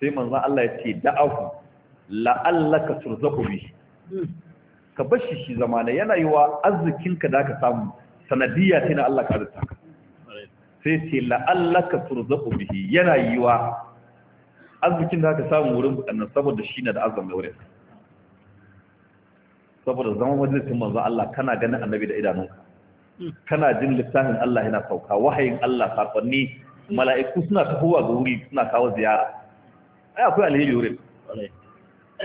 sai manzon Allah ya ce da'ahu la'allaka ku bi mm. ka bashi shi zamana yana yi wa arzikinka da ka samu sanadiyya ce na Allah ka arzika sai ce la'allaka turzaqu bihi yana yiwa arzikin da aka samu wurin buɗannan saboda shi ne da azan da wurin saboda zaman majalisun manzo Allah kana ganin annabi da idanunka kana jin littafin Allah yana sauka wahayin Allah sakonni mala'iku suna tahowa ga wuri suna kawo ziyara ai akwai alheri wurin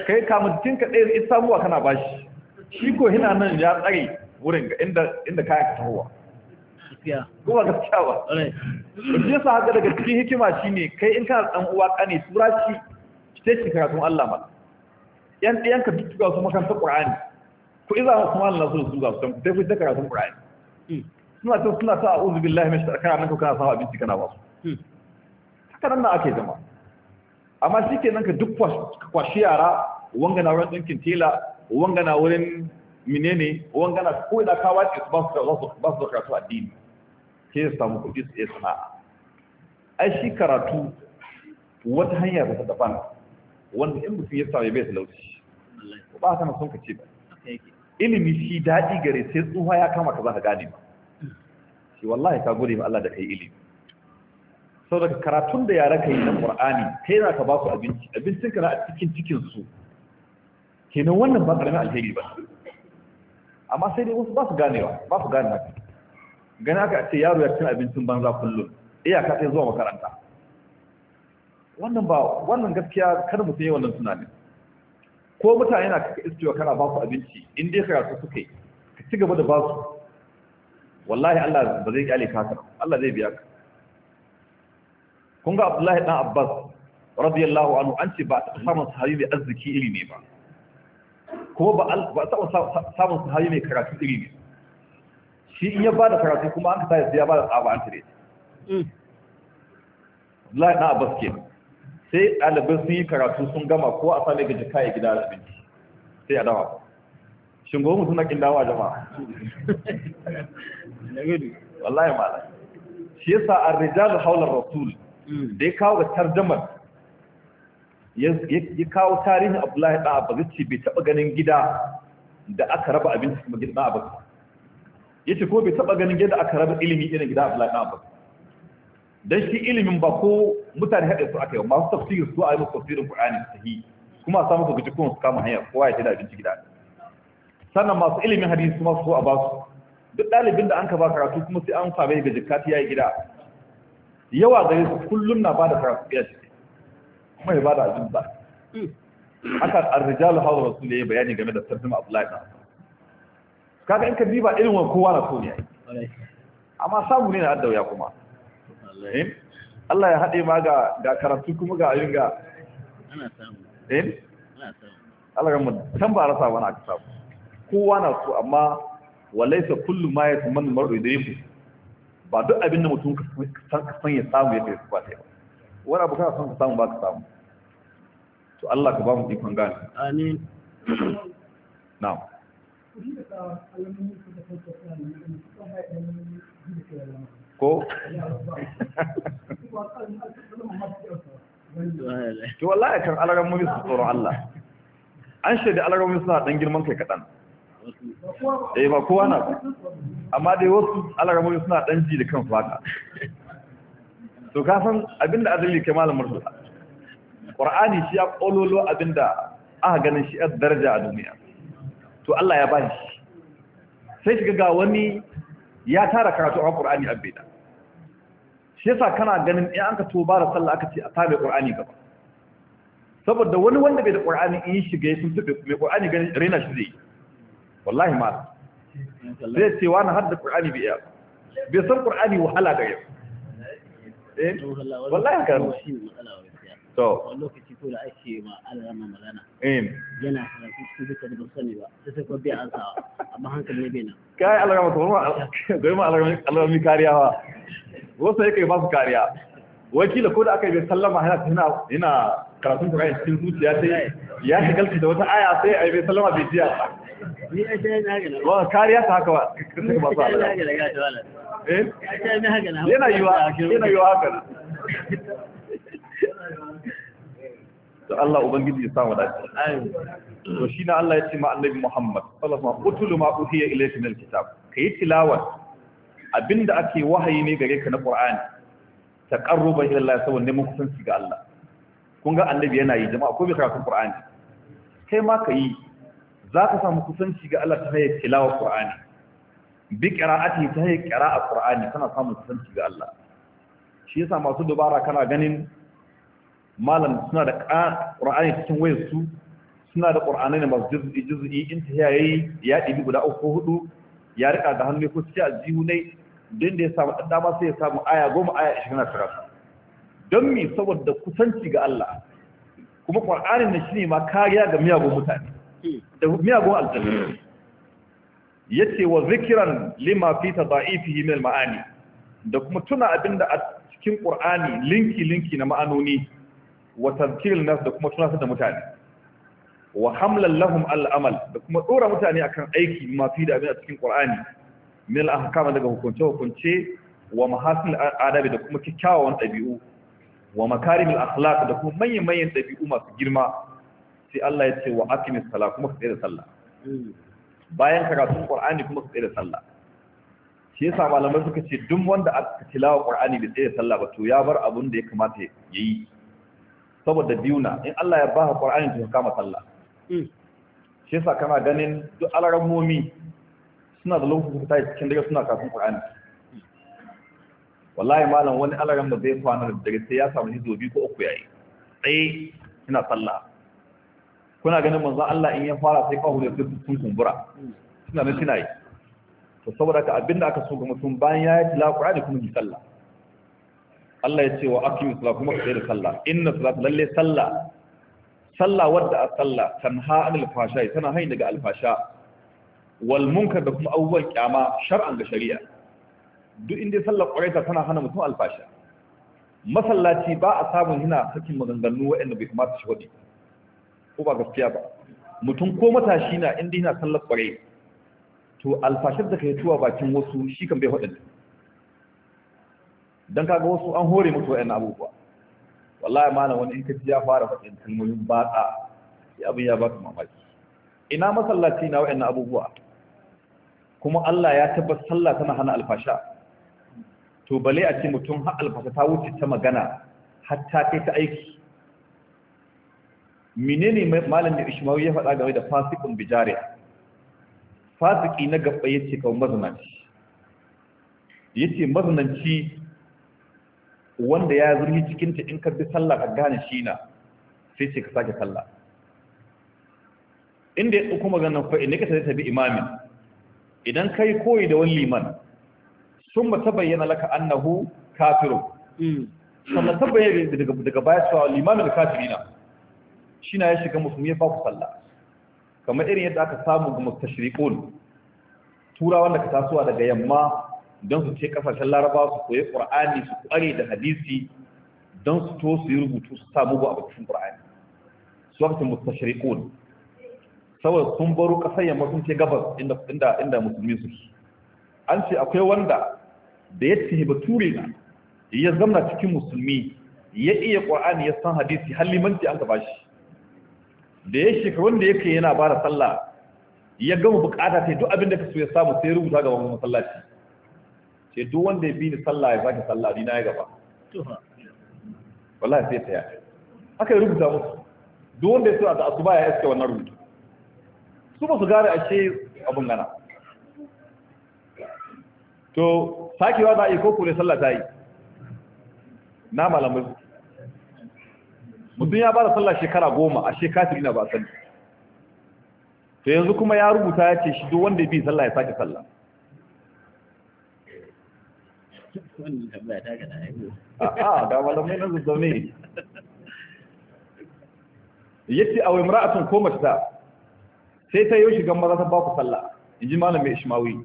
kai kamutin ka ɗaya isa muwa kana bashi shi ko hina nan ya tsare wurin ga inda inda kayan ka tahowa kuma ba gaskiya ba shi yasa haka daga cikin hikima shine kai in kana dan uwa kane sura shi sai shi karatun Allah ma yan ɗiyan ka tuttuga su makarantar Qur'ani ku iza ku kuma Allah su tuga su dai ku karatun Qur'ani hmm. suna ta suna ta a'udhu billahi minash shaitanir rajim kana sawa abinci kana ba su hmm. haka nan na ake zama amma shikenan ka duk kwashi yara wanga na wurin dinkin tela wanga na wurin menene wanga na ko da ka wace su ba su ba su karatu addini sai ya samu kuɗi su yi sana'a ai shi karatu wata hanya ta daban wanda in mutum ya samu bai talauci ba sana son ka ce ba ilimi shi daɗi gare sai tsuha ya kama ka za ka gane ba shi wallahi ka gode ma Allah da kai ilimi sau daga karatun da yara ka yi na ta yi za ka ba su abinci abincin ka na a cikin cikin su kenan wannan ba ƙaramin alheri ba amma sai dai wasu ba su ganewa ba su gane haka gani aka ce yaro ya cin abincin banza kullum iyaka sai zuwa makaranta wannan ba wannan gaskiya kada mutum yi wannan tunanin ko mutane na kaka iskewa kana ba su abinci in dai karatu suka yi ka ci gaba da ba su wallahi Allah ba zai kyale ka Allah zai biya ka kun ga Abdullahi dan Abbas radiyallahu anhu an ce ba a samun sahabi mai arziki iri ne ba kuma ba a samun sahabi mai karatu iri ne shi in ya bada karatu kuma an kasa ya bada tsaba an tare mm. Abdullahi na Abbas ke sai ɗalibai sun yi karatu sun gama ko a sami gaji kayan gida da abinci sai a dawa shingo mutum na kin dawa jama'a <laughs> wallahi malam shi yasa ar rijal hawla rasul mm. da ya kawo ga tarjamar ya kawo tarihin Abdullahi da Abbas ce bai taɓa ganin gida da aka raba abinci kuma gidan Abbas yace ko bai taba ganin yadda aka raba ilimi irin gida Abdullahi ibn Abbas dan shi ilimin ba ko mutane haɗe su aka yi masu tafsir su a yi musu tafsirin Qur'ani sahihi kuma a samu su guji kuma su kama hanya kowa ya tada abinci gida sannan masu ilimin hadisi kuma su a basu duk ɗalibin da an ka ba karatu kuma sai an same ga jikati yayi gida yawa gare su kullum na bada karatu ya ce kuma ya bada abin ba haka ar-rijalu hawla rasul yayi bayani game da tarjuma Abdullahi ibn Abbas kaga in ka diba irin wa kowa na so amma samu ne na addauya kuma eh? Allah ya haɗe ma ga karatu kuma ga ayin ga eh Allah ga mu san ba rasa wani aka samu kowa na so amma walaisa kullu ma ya manu mar'u yudriku ba duk abin da mutum ka san ya samu ya su ba ta wani abu kana son ka samu ba ka samu to Allah ka ba mu ikon gane amin na'am ko to wallahi kan alaran mu su tsoro Allah an shaidi alaran mu suna dan girman kai kadan eh ba kowa na ba. amma dai wasu alaran mu suna dan ji da kan faka. to ka san abinda azali kai malamar su Qur'ani shi ya kololo abinda aka ganin shi a daraja a duniya to Allah ya bani sai shiga ga wani ya tara karatu a Qur'ani a bida shi yasa kana ganin in ka tuba da sallah aka ce a tabe Qur'ani gaba saboda wani wanda bai da Qur'ani in shiga sun tube mai Qur'ani ganin raina shi zai wallahi ma zai ce na hadda Qur'ani bai bai san Qur'ani wahala ga yau eh wallahi kan to fito da ake ma alama magana yana karatu su duka da ban sani ba ta sai kwabbe an sa amma hankali ne bai kai alama to ma alama kariya ba wasu kai ba su kariya wakila ko da aka yi sallama yana yana karatun Qur'ani cikin zuciya sai ya shigalci da wata aya sai a bai sallama bai jiya ni na kariya ta haka ba eh yana yiwa yana yiwa haka da Allah ubangiji ya samu dace to shi na Allah ya ce ma annabi Muhammad sallallahu alaihi wasallam utulu ma uhiya ilayka min alkitab kai tilawa abinda ake wahayi ne gare ka na Qur'ani ta qarruba ila Allah saboda neman kusanci ga Allah kun ga annabi yana yi jama'a ko bai karatu Qur'ani kai ma kai ka samu kusanci ga Allah ta hanyar tilawa Qur'ani bi qira'ati ta hanyar qira'a Qur'ani kana samun kusanci ga Allah shi yasa masu dubara kana ganin malam suna da ƙur'ani cikin wayar su suna da ƙur'anai ne masu juzu'i juz'i in ta yayi ya ɗibi guda uku hudu ya rika da hannu ko cikin aljihu ne don da ya samu ɗan dama sai ya samu aya goma aya ishirin na don mi saboda kusanci ga Allah kuma ƙur'anin ne shine ma kariya ga miyagun mutane da miyagun aljanna yace wa zikiran lima fi tadaifihi min al-ma'ani da kuma tuna abinda a cikin Qur'ani linki linki na ma'anoni wa tazkirin nas da kuma tunatar da mutane wa hamlan lahum amal da kuma dora mutane akan aiki mafi da abin a cikin qur'ani min al-ahkam daga hukunce hukunce wa mahasin adabi da kuma kikkiawan dabi'u wa makarimil akhlaq da kuma manyan manyan dabi'u masu girma sai Allah ya ce wa aqimis sala kuma ka tsaya da sallah bayan karatun qur'ani kuma ka tsaya da sallah shi yasa malamai suka ce duk wanda aka tilawa qur'ani da tsaya da sallah ba to ya bar abun da ya kamata yayi saboda biyuna in Allah ya ba ka Qur'ani to kama sallah hmm. shi yasa kana ganin duk alaran momi suna da lokacin da cikin dare suna kafin Qur'ani wallahi malam wani alaran da zai kwana da dare sai ya samu hizo biyu ko uku yayi tsaye ina sallah kuna ganin manzo Allah in ya fara sai kawo da sun kumbura suna nan suna yi to saboda ka abinda aka so ga mutum bayan ya yi tilawa Qur'ani kuma yi sallah Allah ya ce wa aqimu salat kuma ka da sallah inna salat lalle sallah sallah wadda a sallah tanha anil fashai tana hain daga alfasha wal munkar da kuma abubuwan kyama shar'an ga shari'a duk inda sallah ƙwarai tana hana mutum alfasha masallaci ba a samun hina sakin maganganu waɗanda bai kamata shi wadi ko ba gaskiya ba mutum ko matashi na inda yana sallar ƙwarai to alfashar da kai tuwa bakin wasu shi kan bai waɗanda don kaga wasu an hore musu wa'yan abubuwa wallahi malam wani in ka ji ya fara faɗin kalmomin baɗa. sai abin ya baka mamaki ina masallaci na wa'yan abubuwa kuma Allah ya tabbata sallah tana hana alfasha to bale a ce mutum har alfasha ta wuce ta magana har kai ta aiki menene malam da Ishmawi ya faɗa game da fasikun bijariya fasiki na gaba yace kawai mazinaci yace wanda ya zurfi cikinta in ka bi sallah ka gane shi na sai ce ka sake sallah inda ya ɗauko maganar fa'i ne ka sai ta bi imamin idan ka yi koyi da wani liman sun ba ta bayyana laka annahu kafiru. Hmm. sannan ta bayyana daga baya cewa limamin da kafiri na shi na ya shiga musulmi ya faku sallah kamar irin yadda aka samu ga mustashriqun turawan da ka tasowa daga yamma don su ce kasashen laraba su koyi ƙur'ani su ƙware da hadisi don su to su yi rubutu su samu ba a bakin ƙur'ani su mustashari ƙoni saboda sun baro ƙasar yamma sun ce gabas inda musulmi su an ce akwai wanda da ya ce ture na ya zamna cikin musulmi ya iya ƙur'ani ya san hadisi halimanci an gaba shi da ya shekarun da yake yana bara sallah ya gama bukata sai duk abin da ka so ya samu sai rubuta gaban masallaci ce duk wanda ya bi ni sallah ya sake sallah ni na ya gaba wallahi sai tsaya aka yi rubuta musu duk wanda ya so a asuba ya iske wannan rubutu su ba su gane ashe abun gana to sakewa za a yi ko kure sallah ta yi na malamai mutum ya ba da sallah shekara goma a shekatiri na ba sani to yanzu kuma ya rubuta ya ce shi duk wanda ya bi sallah ya sake sallah a'a ga yace a imra'atun ko mace ta sai ta yi shigan maza ta ba ku sallah inji malam mai ishmawi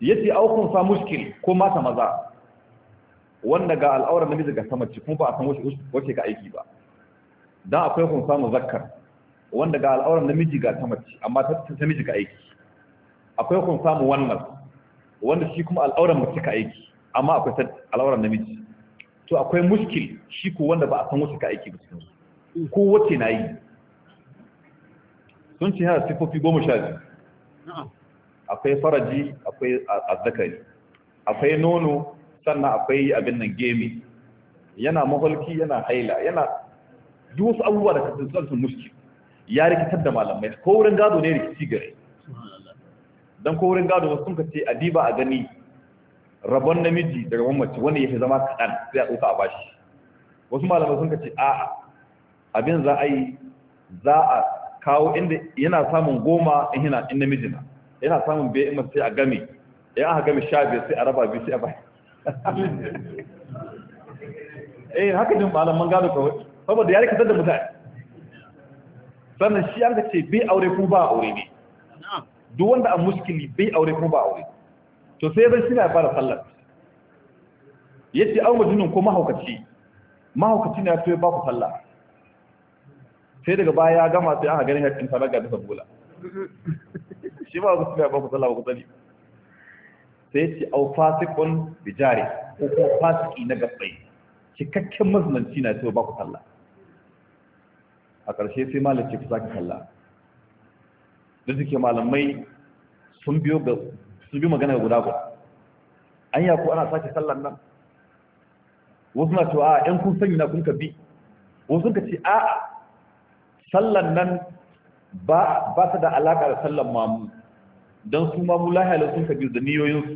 yace au kun sa mushkil ko mata maza wanda ga al'aura namiji ga sama kuma ba a san wace ka aiki ba dan akwai kun sa muzakkar wanda ga al'aura namiji ga sama amma ta miji ka aiki akwai kun samu wannan wanda shi kuma al'auran mace ka aiki amma akwai ta al'auran namiji to akwai muskil shi ko wanda ba a san wasu ka aiki ba cikin ko wace na yi sun ce yana sifofi goma sha biyu akwai faraji akwai azzakari akwai nono sannan akwai abin nan gemi yana maholki yana haila yana duk wasu abubuwa da kasance sun muskil ya rikitar da malamai ko wurin gado ne rikici gare don ko wurin gado wasu ka ce adiba a gani rabon namiji daga mamaci wani ya fi zama kaɗan sai a ɗauka a bashi wasu malamai sun ka ce a'a abin za a yi za a kawo inda yana samun goma in yana in namiji na yana samun biya in sai a game ya aka game sha biyar sai a raba biyu sai a bai <laughs> eh haka jin malaman gado kawai saboda ya rikatar da mutane sannan shi an ka ce bai aure ko ba aure ne duk wanda a muskili bai aure ko ba aure to sai zai suna fara sallar yace an mutumin ko mahaukaci mahaukaci ne to ba ku sallah sai daga baya ya gama sai aka ganin hakkin sallar ga dukan bula <laughs> shi ba ku suna ba ku sallah ba ku sani sai yace au fasikun bijari ko kuma fasiki na gabbai cikakken mazmanci na to ba ku sallah a ƙarshe sai malaci ku sake sallah da suke malamai sun biyo ga su bi magana guda guda an ya ko ana sake sallan nan wasu na cewa a yan kun sanya kun ka bi wasu ka ce a sallan nan ba ba ta da alaka da sallan mamu don su mamu lahiyar sun ka biyu da niyoyin su.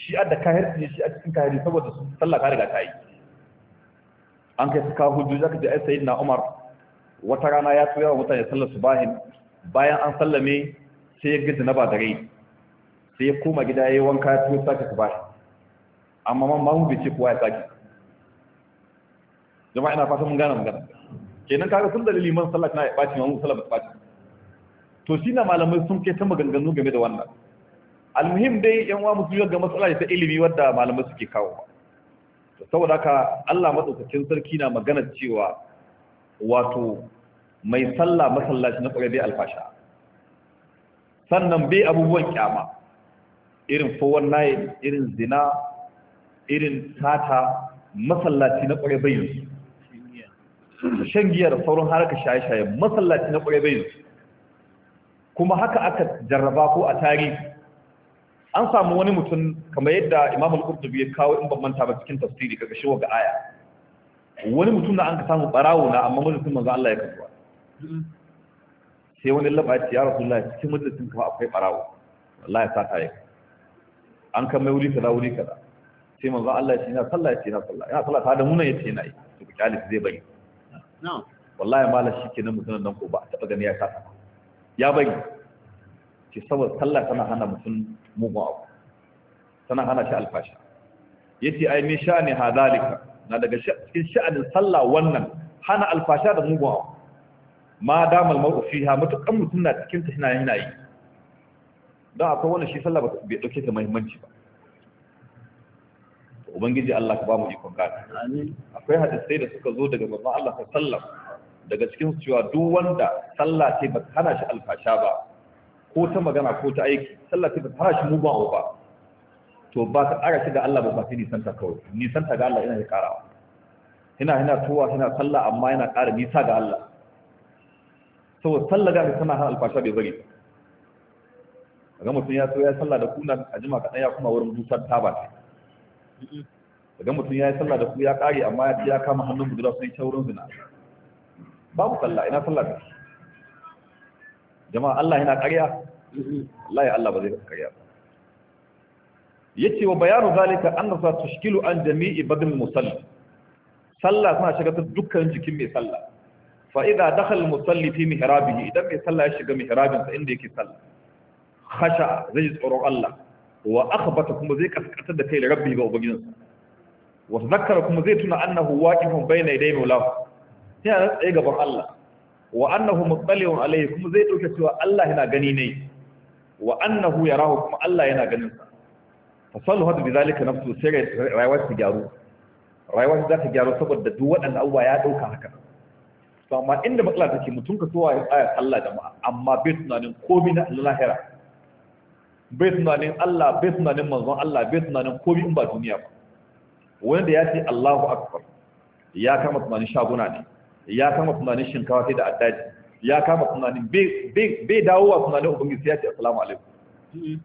shi a da su ne shi a cikin kayar saboda su sallah ka riga ta yi an kai su kawo hujjoji aka je ai sayyidina umar wata rana ya tura wa mutane sallar subahin bayan an sallame sai ya gaji na ba da rai sai ya koma gida ya yi wanka ya tuwo sake su ba shi amma man mahu bai ce kowa ya sake jama'a ina fata mun gane magana kenan kaga sun dalili man sallah na ya ɓaci man sallah ba ta ɓaci to shi na malamai sun kai ta maganganu game da wannan almuhim dai yan wa musu ga matsala ta ilimi wadda malamai suke kawo saboda haka Allah madaukakin sarki na magana cewa wato mai sallah masallaci na kwarai alfasha sannan bai abubuwan kyama irin 419, naye irin zina irin tata masallaci na kwarai bai yinsu shan giyar sauran haraka shaye-shaye masallaci na kwarai bai kuma haka aka jarraba ko a tarihi an samu wani mutum kamar yadda imam al-qurtubi ya kawo in ban manta ba cikin tafsiri kaga shi ga aya wani mutum da an ka samu barawo na amma mutum manzo Allah ya kafa sai wani laba labaci ya rasu Allah cikin majalisun kama akwai barawo Allah ya sata ya an kan mai wuri kaza wuri kaza sai manzo Allah ya ce na sallah ya ce na sallah Ina sallah ta da muna ya ce na yi to ku kyalisi zai bari wallahi mala shikenan mutumin nan ko ba a taba gani ya sata ya bari ce saboda sallah tana hana mutum mugun abu tana hana shi alfasha Ya yace ai me sha'ani hadalika na daga cikin sha'anin sallah wannan hana alfasha da mugun abu ma damal mar'u fiha mutukan mutum na cikin ta hina yana yi don akwai wanda shi sallah bai ɗauke ta mahimmanci ba ubangiji Allah ka ba mu ikon gani akwai hadisai da suka zo daga babban Allah ka sallallahu daga cikin cewa duk wanda sallah ce ba hana shi alfasha ba ko ta magana ko ta aiki sallah ce ba hana shi mugun ba to ba ta ƙara shi ga Allah ba ba nisan ta kawai ta ga Allah ina ya ƙarawa ina ina tuwa ina sallah amma yana ƙara nisa ga Allah saboda sallah ga tana har alfasha bai bari daga mutum ya so ya sallah da kuna a jima kaɗan ya kuma wurin busar taba ce daga mutum ya yi sallah da ku ya ƙare amma ya kama hannun budura sun ta wurin zina babu sallah ina sallah ta jama'a Allah yana ƙarya wallahi Allah ba zai ta ƙarya ba yace wa bayanu zalika annasa tushkilu an jami'i badal musalli sallah tana shiga ta dukkan jikin mai sallah Fa'iza idza dakhala al-musalli idan mai sallah ya shiga mihrabin inda yake sallah khasha zai tsoron Allah wa akhbata kuma zai kaskatar da kai da rabbi ga ubangijinsa wa tadhakkara kuma zai tuna annahu waqifun bayna yaday mawlahu yana tsaye gaban Allah wa annahu muttaliun alayhi kuma zai dauke cewa Allah yana gani ne wa annahu yarahu kuma Allah yana ganin sa fasalu hadu bi zalika nafsu sai rayuwar ta gyaru rayuwar za ta gyaru saboda duk waɗannan abubuwa ya ɗauka haka to amma inda matsala take mutum ka kowa ya tsaya sallah jama'a amma bai tunanin komai na lahira bai tunanin Allah bai tunanin manzon Allah bai tunanin komai in ba duniya ba wanda ya ce Allahu akbar ya kama tunanin shaguna ne ya kama tunanin shinkawa sai da addaji ya kama tunanin bai dawo dawowa tunanin ubangiji sai ya ce assalamu alaikum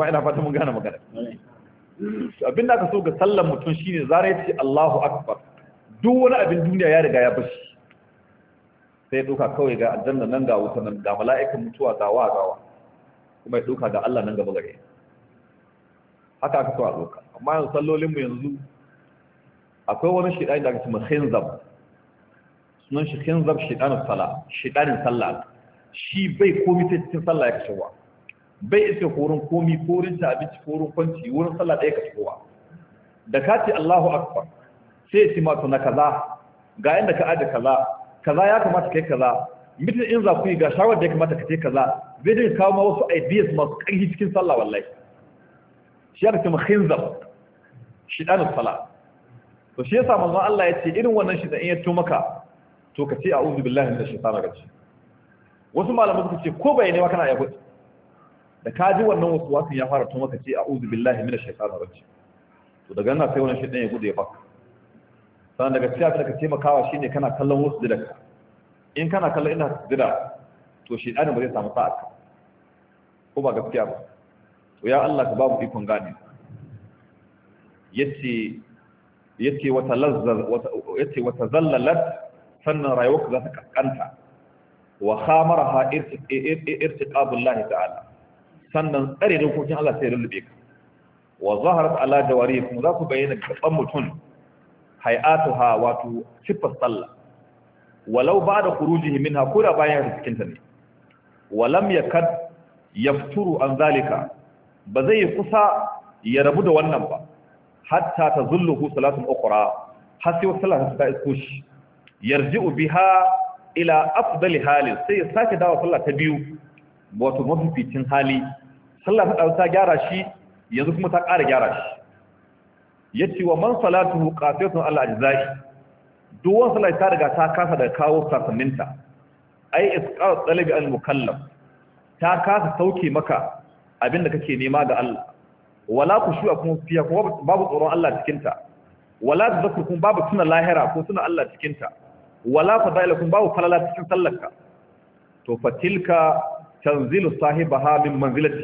ba ina fata mun gane magana abin da aka so ga sallan mutum shine zare ce Allahu akbar duk wani abin duniya ya riga ya bashi sai duka kawai ga aljanna nan ga wuta nan ga mala'ikan mutuwa ga wa gawa kuma ya duka ga Allah nan gaba gare haka aka so a doka amma yanzu sallolin mu yanzu akwai wani shidani da aka ce khinzab sunan shi khinzab shidanin sala shidanin sallah shi bai komi ta cikin sallah ya kashe wa bai iske horon komi horin ta abinci horon kwanci wurin sallah ɗaya kashe wa da ka ce Allahu akbar sai ce ma na kaza ga yanda ka aje kaza kaza ya kamata kai kaza mutum in za ku yi ga shawar da ya kamata ka kai kaza zai dinga kawo ma wasu ideas masu ƙarfi cikin sallah wallahi shi ya kuma khinzab shidanus sala to shi yasa manzon Allah ya ce irin wannan shi da in ya to maka to ka ce a'udhu billahi minash shaitani rajim wasu malamai suka ce ko bai ne ma kana ya gudu da ka ji wannan wasu wasu ya fara to maka ce a'udhu billahi minash shaitani rajim to daga nan sai wannan shidan ya gudu ya baka sannan daga cikin da ka taimakawa shine kana kallon wasu didaka in kana kallon ina dida to shi ɗanin ba zai samu sa'a ka ko ba gaskiya ba to ya Allah ka babu ikon gane yace yace wata lazzar yace wata zallalat sannan rayuwarka za ta kankanta wa khamaraha irtiqabullah ta'ala sannan tsare dokokin Allah sai ya lullube ka wa zaharat ala jawarihi kuma za ku bayyana ga gaban mutum ha, wato sifar sallah walau ba da khurujihi minha koda bayan cikin ta ne walam yakad yafturu an zalika ba zai kusa ya rabu da wannan ba hatta ta tazulluhu salatun ukhra har sai wata sallah ta isko shi yarji'u biha ila afdali hali sai ya sake dawo sallah ta biyu wato mafificin hali sallah ta ta gyara shi yanzu kuma ta ƙara gyara shi yace wa man salatuhu qasiyatun al ajzai duk wani sallah ta riga ta kasa da kawo sasanninta ai isqal talabi al mukallaf ta kasa sauke maka abinda kake nema ga Allah wala kushu'a kuma fiya kuma babu tsoron Allah cikin ta wala tazakkur kun babu tuna lahira ko tuna Allah cikin ta wala fadaila kun babu falala cikin sallarka to fatilka tanzilu sahibaha min manzilati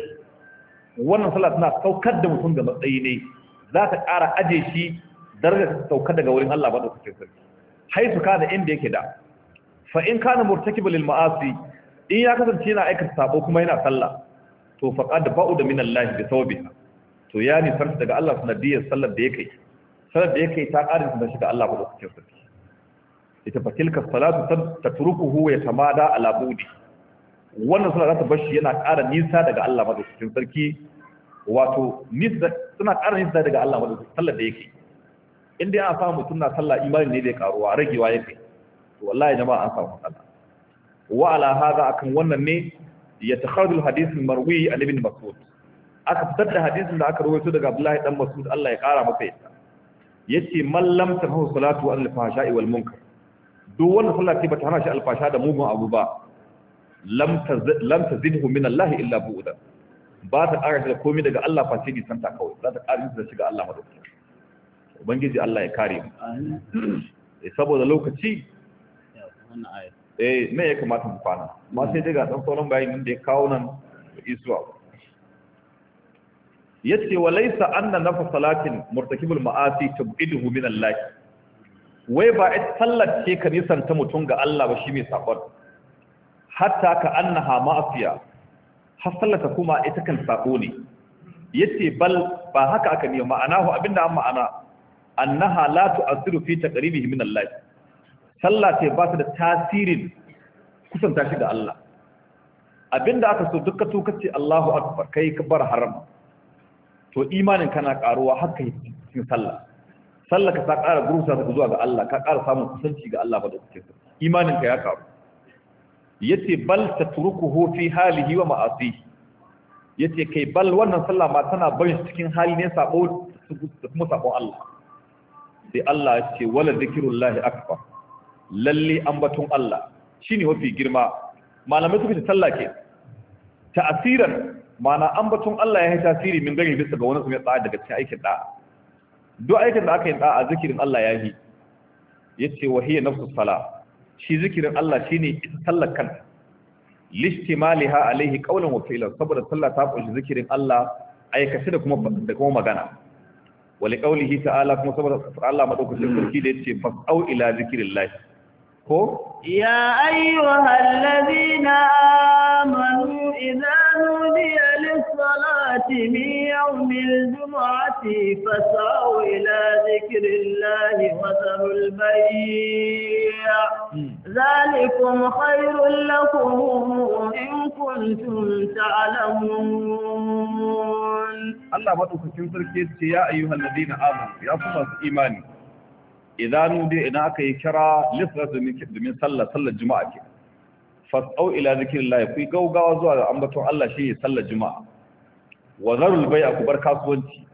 wannan salat na saukar da mutum ga matsayi ne za ta ƙara aje shi darajar sauka daga wurin Allah ba ɗaukacin sarki su kana inda yake da fa in kana murtakibul ma'asi in ya kasance yana aikata sabo kuma yana sallah to qad ba'u da min Allah bi tawbiha to ya ni farsa daga Allah sanadiyar sallar da yake sallar da yake ta ƙarin da shi ga Allah ba ɗaukacin sarki ita fa tilka salatu tatrukuhu ya yatamada ala budi wannan sallar za ta bar shi yana ƙara nisa daga Allah ba ɗaukacin sarki wato nizza suna ƙara nizza daga Allah madaukakin sallar da yake in dai an samu mutum na sallah imanin ne da karuwa ragewa yake to wallahi jama'a an samu matsala wa ala hada akan wannan ne ya takhadul hadisin marwi an ibn mas'ud aka fitar da hadisin da aka rawaito daga Abdullahi dan Mas'ud Allah ya kara masa yadda yace man lam tafahu salatu al fahsha'i wal munkar duk wanda sallah ce bata hana shi al fahsha da mugun abu ba lam tazid lam tazidhu min Allah illa bu'da ba ta ƙara da komai daga Allah face ni santa kawai za ta ƙara da shiga Allah madaukaki ubangiji Allah ya kare mu eh saboda lokaci eh me ya kamata mu kwana ma sai daga dan sauran bayanin da ya kawo nan isuwa yace wa laysa anna nafa salatin murtakibul ma'asi tubidhu min Allah wai ba ita ce ka nisan ta mutun ga Allah ba shi mai sabon hatta ka annaha ma'afiya har sallaka kuma ita kan sako ne yace bal ba haka aka ne ma'anahu abinda an ma'ana annaha la tu'athiru fi taqribihi min Allah sallah ce ba ta da tasirin kusanta shi ga Allah abinda aka so duka to kace Allahu akbar kai ka bar haram to imanin kana karuwa haka cikin sallah sallah ka ta kara gurusa ta zuwa ga Allah ka kara samun kusanci ga Allah ba da cikin imanin ka ya karu yace bal ta tatrukuhu fi halihi wa ma'asi yace kai bal wannan sallah ma tana barin cikin hali ne sabo kuma sabon Allah sai Allah ya ce wala zikrullahi akbar lalle ambaton Allah shine wafi girma malamai suka ce sallah ke ta'asiran mana ambaton Allah ya yi tasiri min gari bisa ga wani su ya tsaya daga cikin aikin da duk aikin da aka yi da a zikirin Allah ya yi yace wa hiya nafsus salah shi zikirin Allah shine sallar kanta lishtimaliha alaihi qawlan wa fi'lan saboda sallah ta kunshi zikirin Allah aikace da kuma da kuma magana wali qawlihi ta'ala kuma saboda Allah madaukakin sarki da yace fas'au ila zikrillah ko ya ayyuhallazina amanu idza nudiya الصلاة من يوم الجمعة فسعوا إلى ذكر الله وذروا البيع ذلكم خير لكم إن كنتم تعلمون الله مدوكتين تركيز يا أيها الذين آمنوا يا صلاة إيماني إذا نودي إن أكي كرا لصلاة من صلى صلى الجمعة fas'au ila zikrillah ku gaugawa zuwa ambaton Allah shi sallar juma'a wa zarul bai a kubar kasuwanci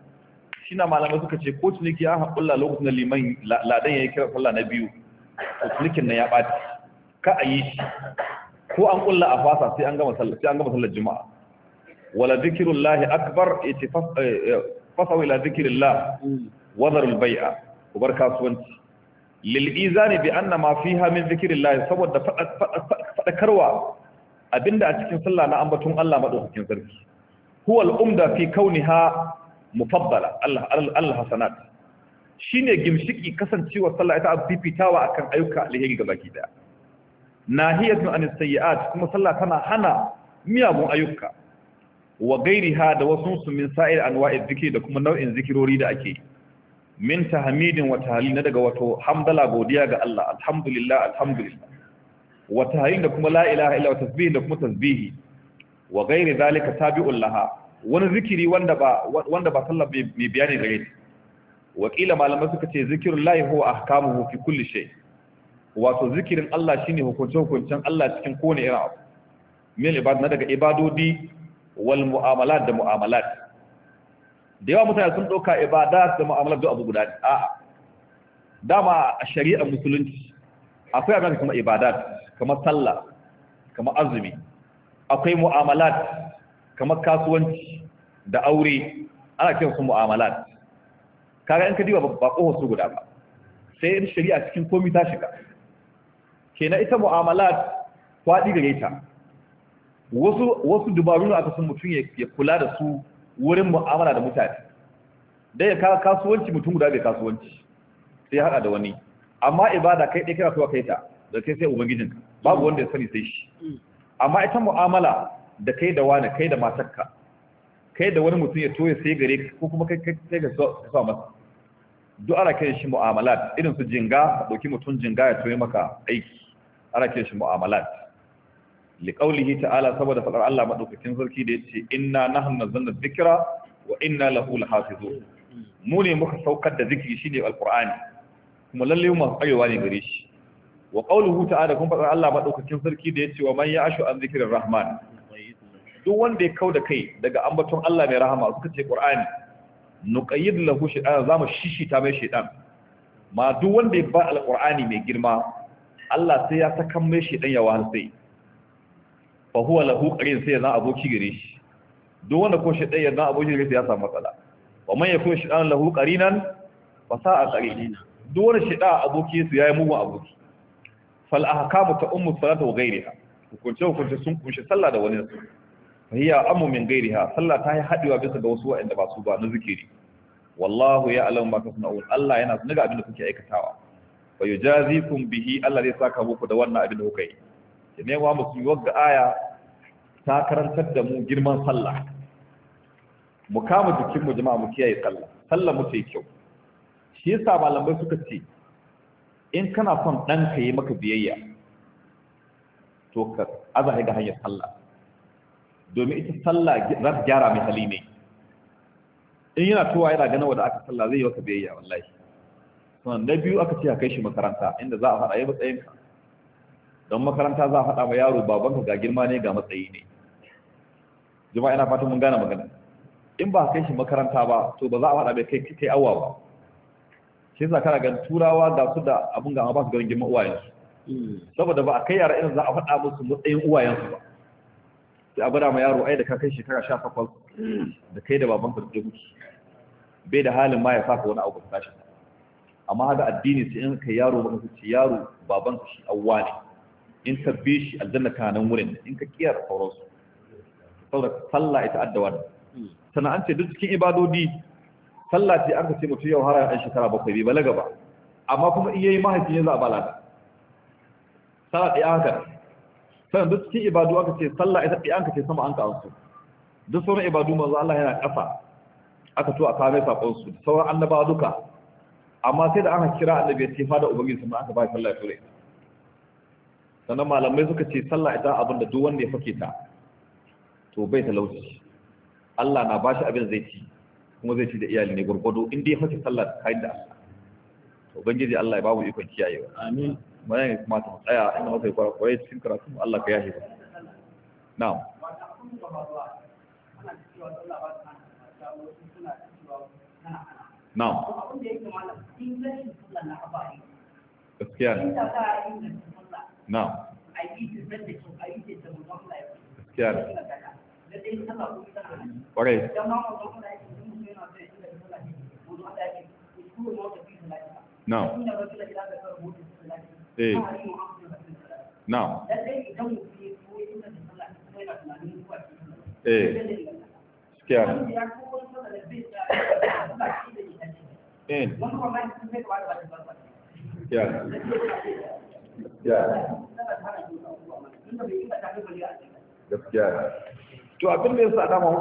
shi na malamai suka ce ko ciniki ya haƙulla lokacin da liman ladan ya yi kira sallah na biyu to cinikin na ya ɓaci ka a yi shi ko an ƙulla a fasa sai an gama sallar sai an gama sallar juma'a wala zikirun akbar ya ce eh, eh, fasa wila zikirin la wa zarul bai a kubar kasuwanci lil'izani bi anna ma fiha min zikirin lahi saboda faɗakarwa abinda a cikin sallah na ambaton Allah maɗaukakin sarki Huwal umda fi kauniha mufabbala Allah Allah hasanat shine gimshiki kasancewa sallah ita bibitawa akan ayyuka alheri baki daya nahiyatu an sayyi'at kuma sallah tana hana miyagun ayyuka wa gairiha da wasu min sa'il anwa'i zikri da kuma nau'in zikirori da ake min tahmidin wa tahlil daga wato hamdala godiya ga Allah alhamdulillah alhamdulillah wa tahayyin da kuma la ilaha illa wa tasbih da kuma tasbihi wa gairi zalika tabi'un laha wani zikiri wanda ba wanda ba sallah mai bayani gare shi wakila malamai suka ce zikirun lahi huwa ahkamuhu fi kulli shay wato zikirin Allah shine hukunce hukuncen Allah cikin kowane irin abu min ibad na daga ibadodi wal mu'amalat da mu'amalat da yawa mutane sun dauka ibada da mu'amalat da abu guda a'a dama a shari'ar musulunci akwai abin kuma ibadat kamar sallah kamar azumi akwai mu'amalat kamar kasuwanci da aure ana kiran su mu'amalat kaga in ka diba ba kohon su guda ba sai in shari'a cikin komi ta shiga kenan ita mu'amalat kwaɗi gare ta wasu wasu dubaru ne aka san mutum ya kula da su wurin mu'amala da mutane dai ya kaga kasuwanci mutum guda bai kasuwanci sai ya haɗa da wani amma ibada kai ɗaya kana so kai ta da kai sai ubangijinka babu wanda ya sani sai shi mm. amma ita mu'amala da kai da wani kai da matarka kai da wani mutum ya toye sai gare ka ko kuma kai kai ga zuwa masa duk ana kai shi mu'amalat irin su jinga dauki mutum jinga ya toye maka aiki ana kai shi mu'amalat li qawlihi ta'ala saboda fadar Allah madaukakin sarki da yace inna nahnu nazzalna dhikra wa inna lahu lahafizun mu ne muka saukar da zikiri shine alqur'ani kuma lalle mu masu tsayewa ne gare shi wa qawluhu ta'ala kun fadar Allah madaukakin sarki da yace wa man ya'ashu an zikrir rahman duk wanda ya kauda kai daga ambaton Allah mai rahama suka ce qur'ani nuqayyid lahu shay'an ah, zamu shishita mai shaytan ma duk wanda ya ba alqur'ani mai girma Allah sai ya saka mai shaytan ya wahal sai fa huwa lahu qarin sai zan aboki gare shi duk wanda ko shaytan ya zan aboki gare shi ya samu matsala wa man yakun shaytan lahu qarinan fa sa'a qarinan duk wanda shaytan aboki su yayi mugun aboki fal ahkamu ta ummu salata wa hukunce hukunce sun kunshi sallah da wani su hiya amu min ghairiha sallah ta yi hadewa bisa ga wasu wa'anda ba su ba na zikiri wallahu ya alamu ma tasna'un Allah yana sanar da abin da kuke aikatawa fa yujazikum bihi Allah zai saka muku da wannan abin da kuka yi ne wa musu wagga aya ta karantar da mu girman sallah mu kama jikin mu jama'a mu kiyaye sallah sallah mu ce kyau shi yasa malamai suka ce in kana son ɗanka yi maka biyayya to ka aza ga hanyar sallah domin ita sallah za ta gyara mai hali ne in yana towa yana ganin wanda aka sallah zai yi maka biyayya wallahi sannan na biyu aka ce ka kai shi makaranta inda za a faɗa ya matsayinka don makaranta za a faɗa ma yaro babanka ga girma ne ga matsayi ne jama'a ina fatan mun gane magana in ba kai shi makaranta ba to ba za a faɗa mai kai kai awa ba sai za kana ga turawa ga su da abun ga ba su garin girman uwayensu hmm. saboda ba a kai yara irin za a faɗa musu matsayin uwayensu ba sai a bada ma yaro ai da ka kai shekara sha takwas da kai da babanka da dubu bai da halin ma ya saka wani abu tashi amma haka addini sai in kai yaro ba ce yaro babanka shi awwa ne in ka bi shi aljanna ka nan wurin in ka kiyar sauransu saboda sallah ita addawa hmm. sannan an ce duk cikin ibadodi sallah ce aka ce mutum yau har a shekara bakwai bai balaga ba amma kuma iya yi mahaifin yanzu a balaga sallah ɗaya haka sannan duk cikin ibadu aka ce sallah ita ɗaya aka ce sama an ka an duk sauran ibadu manzo Allah yana ƙasa aka to a kawo mai sakon su sauran annabawa duka amma sai da aka kira annabi ya ce fada ubangiji sannan aka ba sallah ya tura sannan malamai suka ce sallah ita abin da duk wanda ya fake ta to bai talauci Allah na bashi abin zai ci kuma zai ci da iyali ne gurgudu in dai hake sallah kayan da Allah to ubangiji Allah ya babu ikon kiyayewa amin mana ne kuma ta tsaya inda muka yi kwarai cikin karatu Allah ka yashe ba na'am na'am gaskiya ne na'am gaskiya ne kwarai na'am eh na'am eh kyara eh kyara kyara